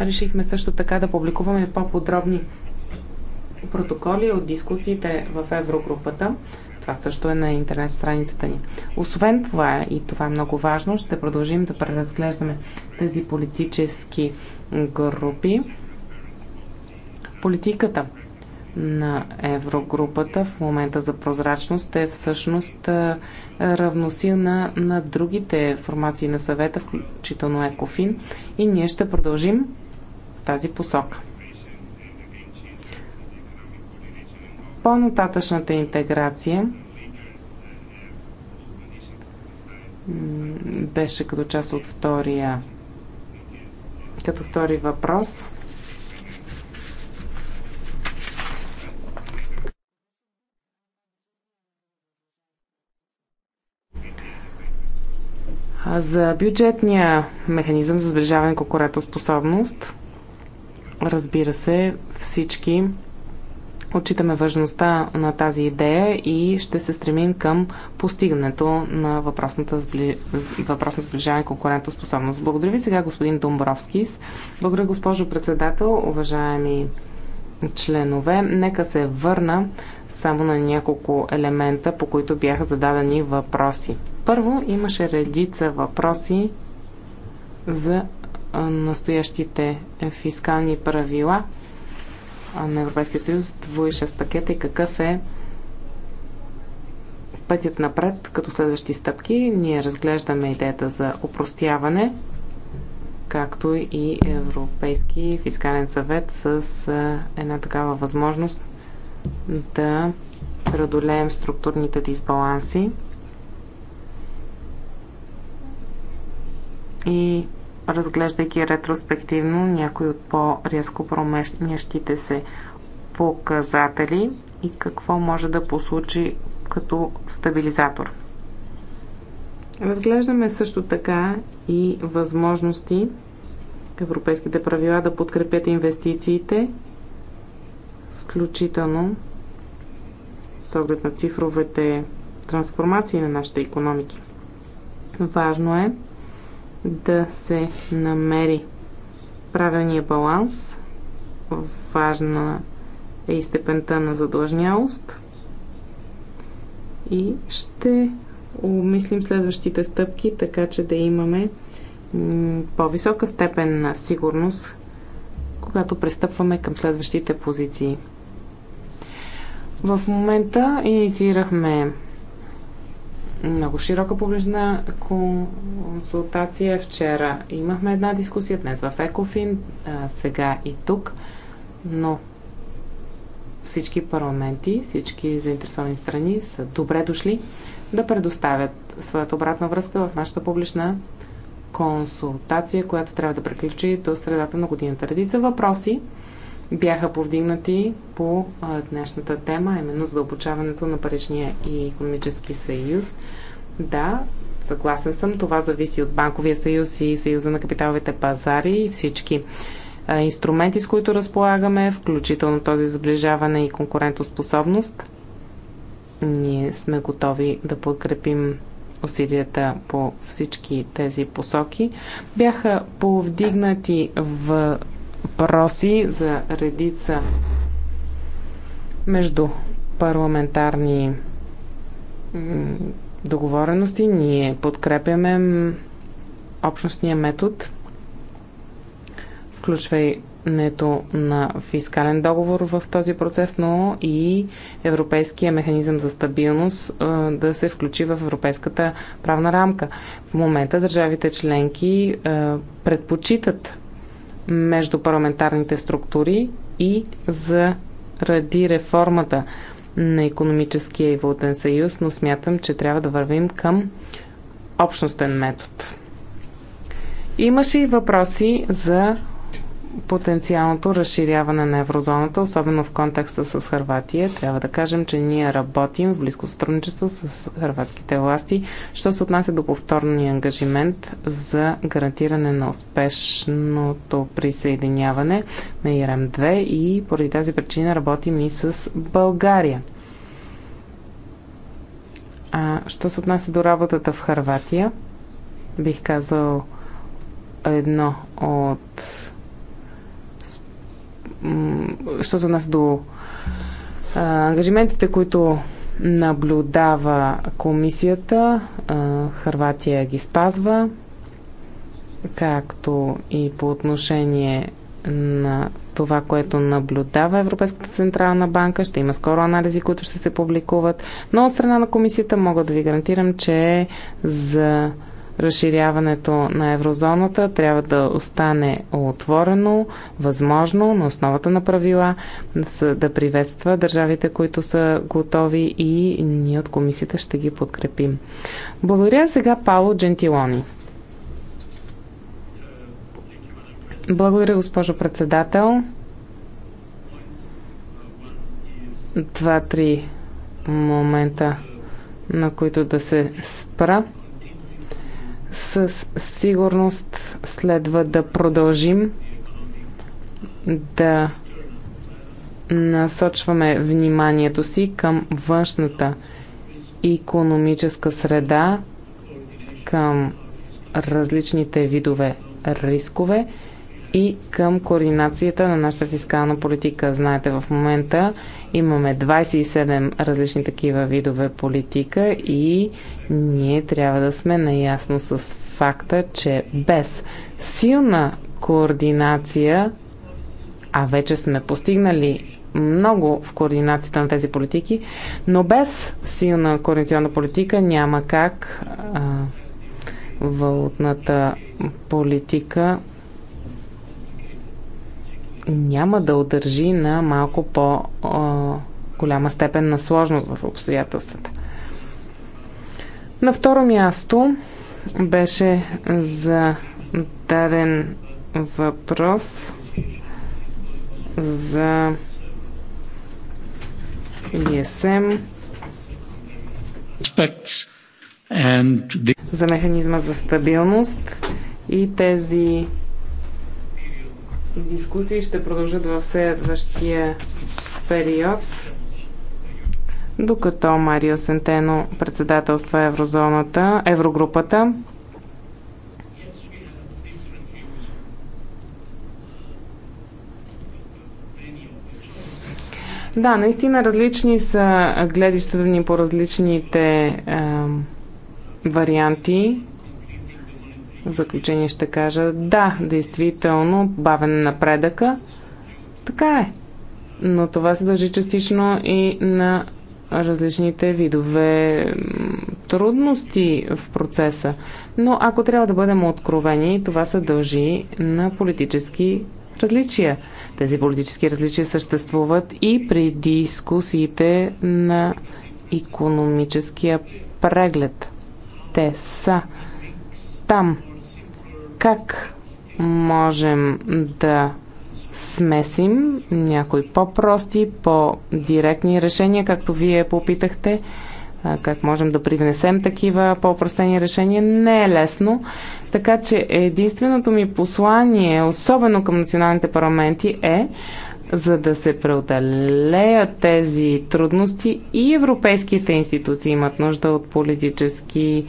Решихме също така да публикуваме по-подробни протоколи от дискусиите в Еврогрупата. Това също е на интернет страницата ни. Освен това, и това е много важно, ще продължим да преразглеждаме тези политически групи. Политиката на Еврогрупата в момента за прозрачност е всъщност равносилна на другите формации на съвета, включително ЕКОФИН, и ние ще продължим в тази посока. По-нататъчната интеграция беше като част от втория като втори въпрос – За бюджетния механизъм за сближаване и конкурентоспособност, разбира се, всички отчитаме важността на тази идея и ще се стремим към постигането на въпросната сбли... въпросното сближаване и конкурентоспособност. Благодаря ви сега, господин Домбровски. Благодаря, госпожо председател, уважаеми членове. Нека се върна само на няколко елемента, по които бяха зададени въпроси. Първо имаше редица въпроси за настоящите е, фискални правила на Европейския съюз, с пакета и какъв е пътят напред като следващи стъпки. Ние разглеждаме идеята за упростяване, както и Европейски фискален съвет с една такава възможност да преодолеем структурните дисбаланси и разглеждайки ретроспективно някои от по-рязко променящите се показатели и какво може да послучи като стабилизатор. Разглеждаме също така и възможности европейските правила да подкрепят инвестициите, включително с оглед на цифровете трансформации на нашите економики. Важно е да се намери правилния баланс. Важна е и степента на задлъжнялост. И ще обмислим следващите стъпки, така че да имаме по-висока степен на сигурност, когато престъпваме към следващите позиции. В момента инициирахме много широка публична консултация. Вчера имахме една дискусия, днес в Екофин, сега и тук, но всички парламенти, всички заинтересовани страни са добре дошли да предоставят своята обратна връзка в нашата публична консултация, която трябва да приключи до средата на годината. Редица въпроси бяха повдигнати по днешната тема, именно задълбочаването на паричния и економически съюз. Да, съгласен съм, това зависи от Банковия съюз и Съюза на капиталовите пазари и всички инструменти, с които разполагаме, включително този заближаване и конкурентоспособност. Ние сме готови да подкрепим усилията по всички тези посоки. Бяха повдигнати в въпроси за редица между парламентарни договорености. Ние подкрепяме общностния метод, включването на фискален договор в този процес, но и Европейския механизъм за стабилност да се включи в Европейската правна рамка. В момента държавите членки предпочитат между парламентарните структури и заради реформата на економическия и валутен съюз, но смятам, че трябва да вървим към общностен метод. Имаше и въпроси за потенциалното разширяване на еврозоната, особено в контекста с Харватия. Трябва да кажем, че ние работим в близко сътрудничество с харватските власти, що се отнася до повторния ангажимент за гарантиране на успешното присъединяване на ИРМ-2 и поради тази причина работим и с България. А, що се отнася до работата в Харватия, бих казал едно от що за нас до ангажиментите, които наблюдава комисията, Харватия ги спазва, както и по отношение на това, което наблюдава Европейската централна банка. Ще има скоро анализи, които ще се публикуват. Но от страна на комисията мога да ви гарантирам, че за Разширяването на еврозоната трябва да остане отворено, възможно, на основата на правила, да приветства държавите, които са готови и ние от комисията ще ги подкрепим. Благодаря сега Пало Джентилони. Благодаря, госпожо председател. Два-три момента, на които да се спра. Със сигурност следва да продължим да насочваме вниманието си към външната економическа среда, към различните видове рискове и към координацията на нашата фискална политика. Знаете, в момента имаме 27 различни такива видове политика и ние трябва да сме наясно с факта, че без силна координация, а вече сме постигнали много в координацията на тези политики, но без силна координационна политика няма как а, валутната политика няма да удържи на малко по-голяма степен на сложност в обстоятелствата. На второ място беше за даден въпрос за ESM за механизма за стабилност и тези дискусии ще продължат в следващия период, докато Марио Сентено председателства еврозоната, еврогрупата. Да, наистина различни са гледищата ни по различните е, варианти заключение ще кажа, да, действително, бавен напредъка. Така е. Но това се дължи частично и на различните видове трудности в процеса. Но ако трябва да бъдем откровени, това се дължи на политически различия. Тези политически различия съществуват и при дискусиите на економическия преглед. Те са там как можем да смесим някои по-прости, по-директни решения, както вие попитахте, как можем да привнесем такива по-простени решения, не е лесно. Така че единственото ми послание, особено към националните парламенти, е за да се преодолеят тези трудности и европейските институции имат нужда от политически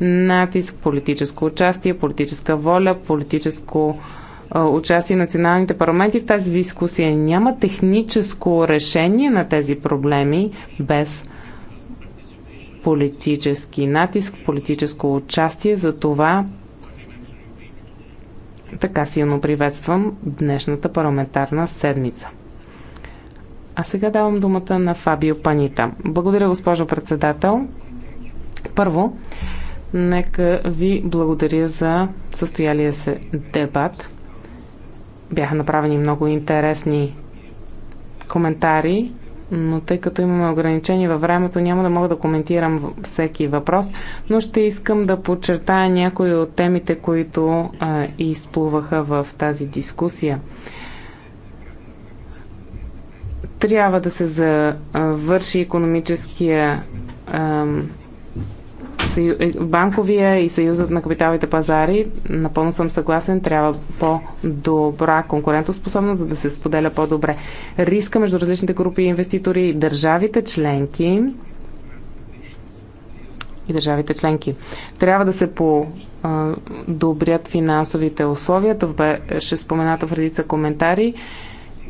натиск, политическо участие, политическа воля, политическо участие на националните парламенти в тази дискусия. Няма техническо решение на тези проблеми без политически натиск, политическо участие. За това така силно приветствам днешната парламентарна седмица. А сега давам думата на Фабио Панита. Благодаря, госпожо председател. Първо, Нека ви благодаря за състоялия се дебат. Бяха направени много интересни коментари, но тъй като имаме ограничения във времето, няма да мога да коментирам всеки въпрос, но ще искам да подчертая някои от темите, които а, изплуваха в тази дискусия. Трябва да се завърши економическия е, банковия и съюзът на капиталите пазари, напълно съм съгласен, трябва по-добра конкурентоспособност, за да се споделя по-добре. Риска между различните групи инвеститори и държавите членки и държавите членки. Трябва да се подобрят финансовите условия, това беше споменато в редица коментари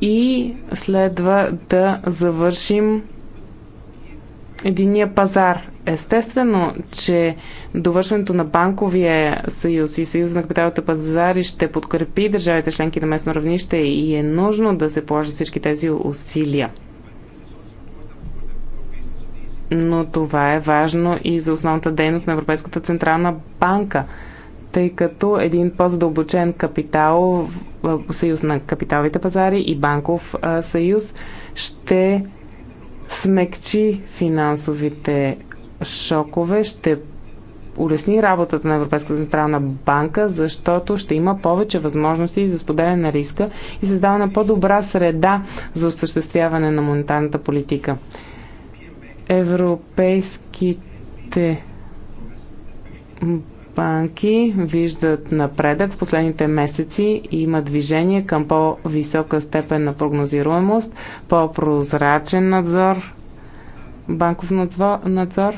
и следва да завършим единия пазар. Естествено, че довършването на банковия съюз и съюз на капиталните пазари ще подкрепи държавите членки на местно равнище и е нужно да се положи всички тези усилия. Но това е важно и за основната дейност на Европейската централна банка, тъй като един по-задълбочен капитал, съюз на капиталните пазари и банков съюз ще смекчи финансовите шокове, ще улесни работата на Европейската централна банка, защото ще има повече възможности за споделяне на риска и създаване на по-добра среда за осъществяване на монетарната политика. Европейските банки виждат напредък в последните месеци и има движение към по-висока степен на прогнозируемост, по-прозрачен надзор, банков надзор.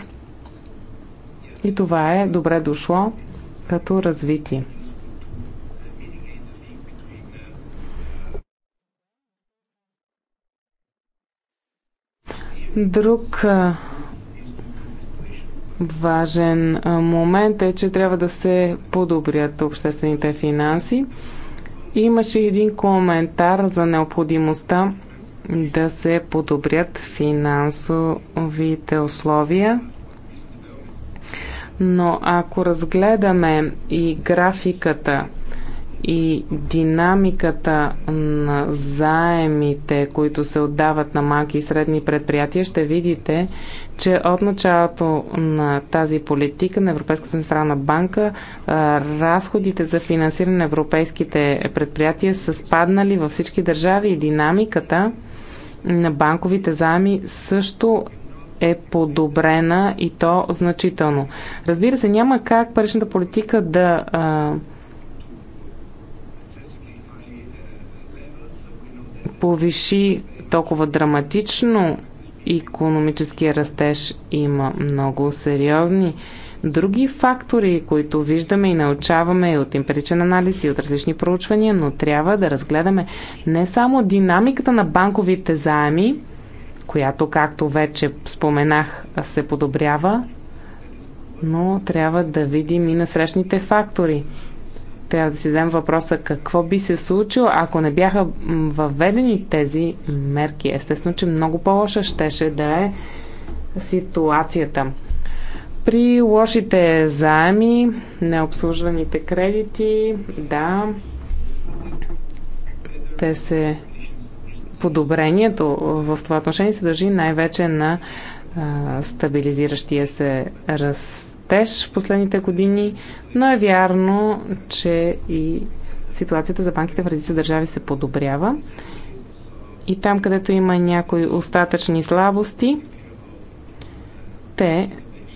И това е добре дошло като развитие. Друг важен момент е, че трябва да се подобрят обществените финанси. Имаше един коментар за необходимостта да се подобрят финансовите условия. Но ако разгледаме и графиката, и динамиката на заемите, които се отдават на малки и средни предприятия, ще видите, че от началото на тази политика на Европейската централна банка разходите за финансиране на европейските предприятия са спаднали във всички държави и динамиката на банковите заеми също е подобрена и то значително. Разбира се, няма как паричната политика да а, повиши толкова драматично економическия растеж има много сериозни други фактори, които виждаме и научаваме и от емпиричен анализ и от различни проучвания, но трябва да разгледаме не само динамиката на банковите заеми, която, както вече споменах, се подобрява, но трябва да видим и насрещните фактори трябва да си дадем въпроса какво би се случило, ако не бяха въведени тези мерки. Естествено, че много по-лоша щеше да е ситуацията. При лошите заеми, необслужваните кредити, да, те се подобрението в това отношение се държи най-вече на а, стабилизиращия се раз растеж в последните години, но е вярно, че и ситуацията за банките в редица държави се подобрява. И там, където има някои остатъчни слабости, те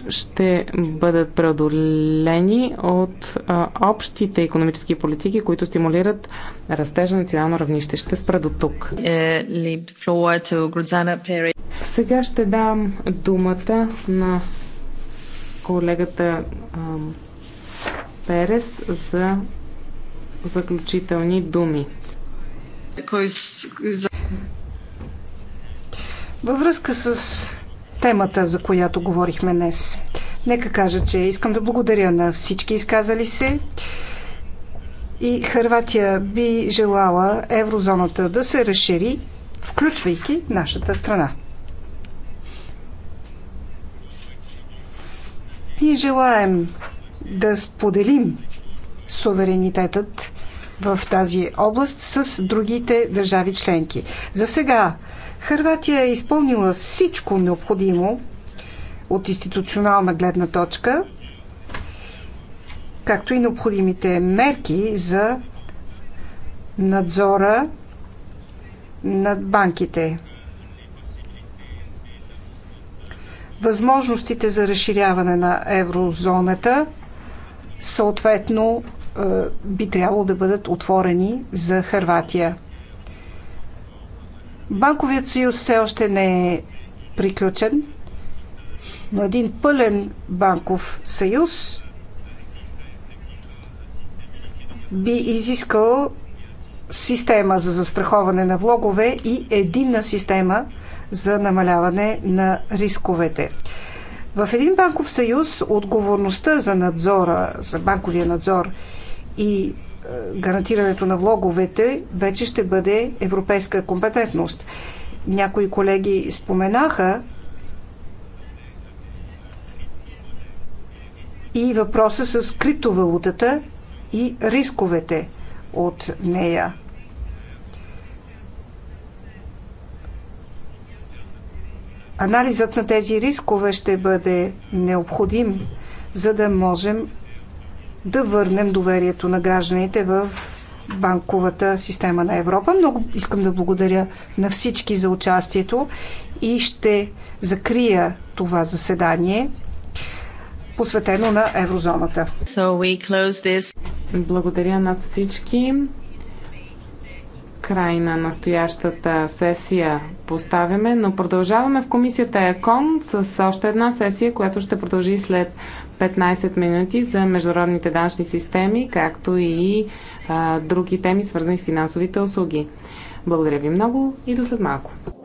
ще бъдат преодолени от а, общите економически политики, които стимулират растежа на национално равнище. Ще спра до тук. Е, Сега ще дам думата на колегата Перес за заключителни думи. Във връзка с темата, за която говорихме днес, нека кажа, че искам да благодаря на всички изказали се. И Харватия би желала еврозоната да се разшири, включвайки нашата страна. Ние желаем да споделим суверенитетът в тази област с другите държави членки. За сега Харватия е изпълнила всичко необходимо от институционална гледна точка, както и необходимите мерки за надзора над банките. възможностите за разширяване на еврозоната, съответно е, би трябвало да бъдат отворени за Харватия. Банковият съюз все още не е приключен, но един пълен банков съюз би изискал система за застраховане на влогове и единна система за намаляване на рисковете. В един банков съюз отговорността за надзора, за банковия надзор и е, гарантирането на влоговете вече ще бъде европейска компетентност. Някои колеги споменаха и въпроса с криптовалутата и рисковете от нея. Анализът на тези рискове ще бъде необходим, за да можем да върнем доверието на гражданите в банковата система на Европа. Много искам да благодаря на всички за участието и ще закрия това заседание посветено на еврозоната. So Благодаря на всички край на настоящата сесия поставяме, но продължаваме в комисията ЕКОН с още една сесия, която ще продължи след 15 минути за международните данъчни системи, както и а, други теми, свързани с финансовите услуги. Благодаря ви много и до след малко.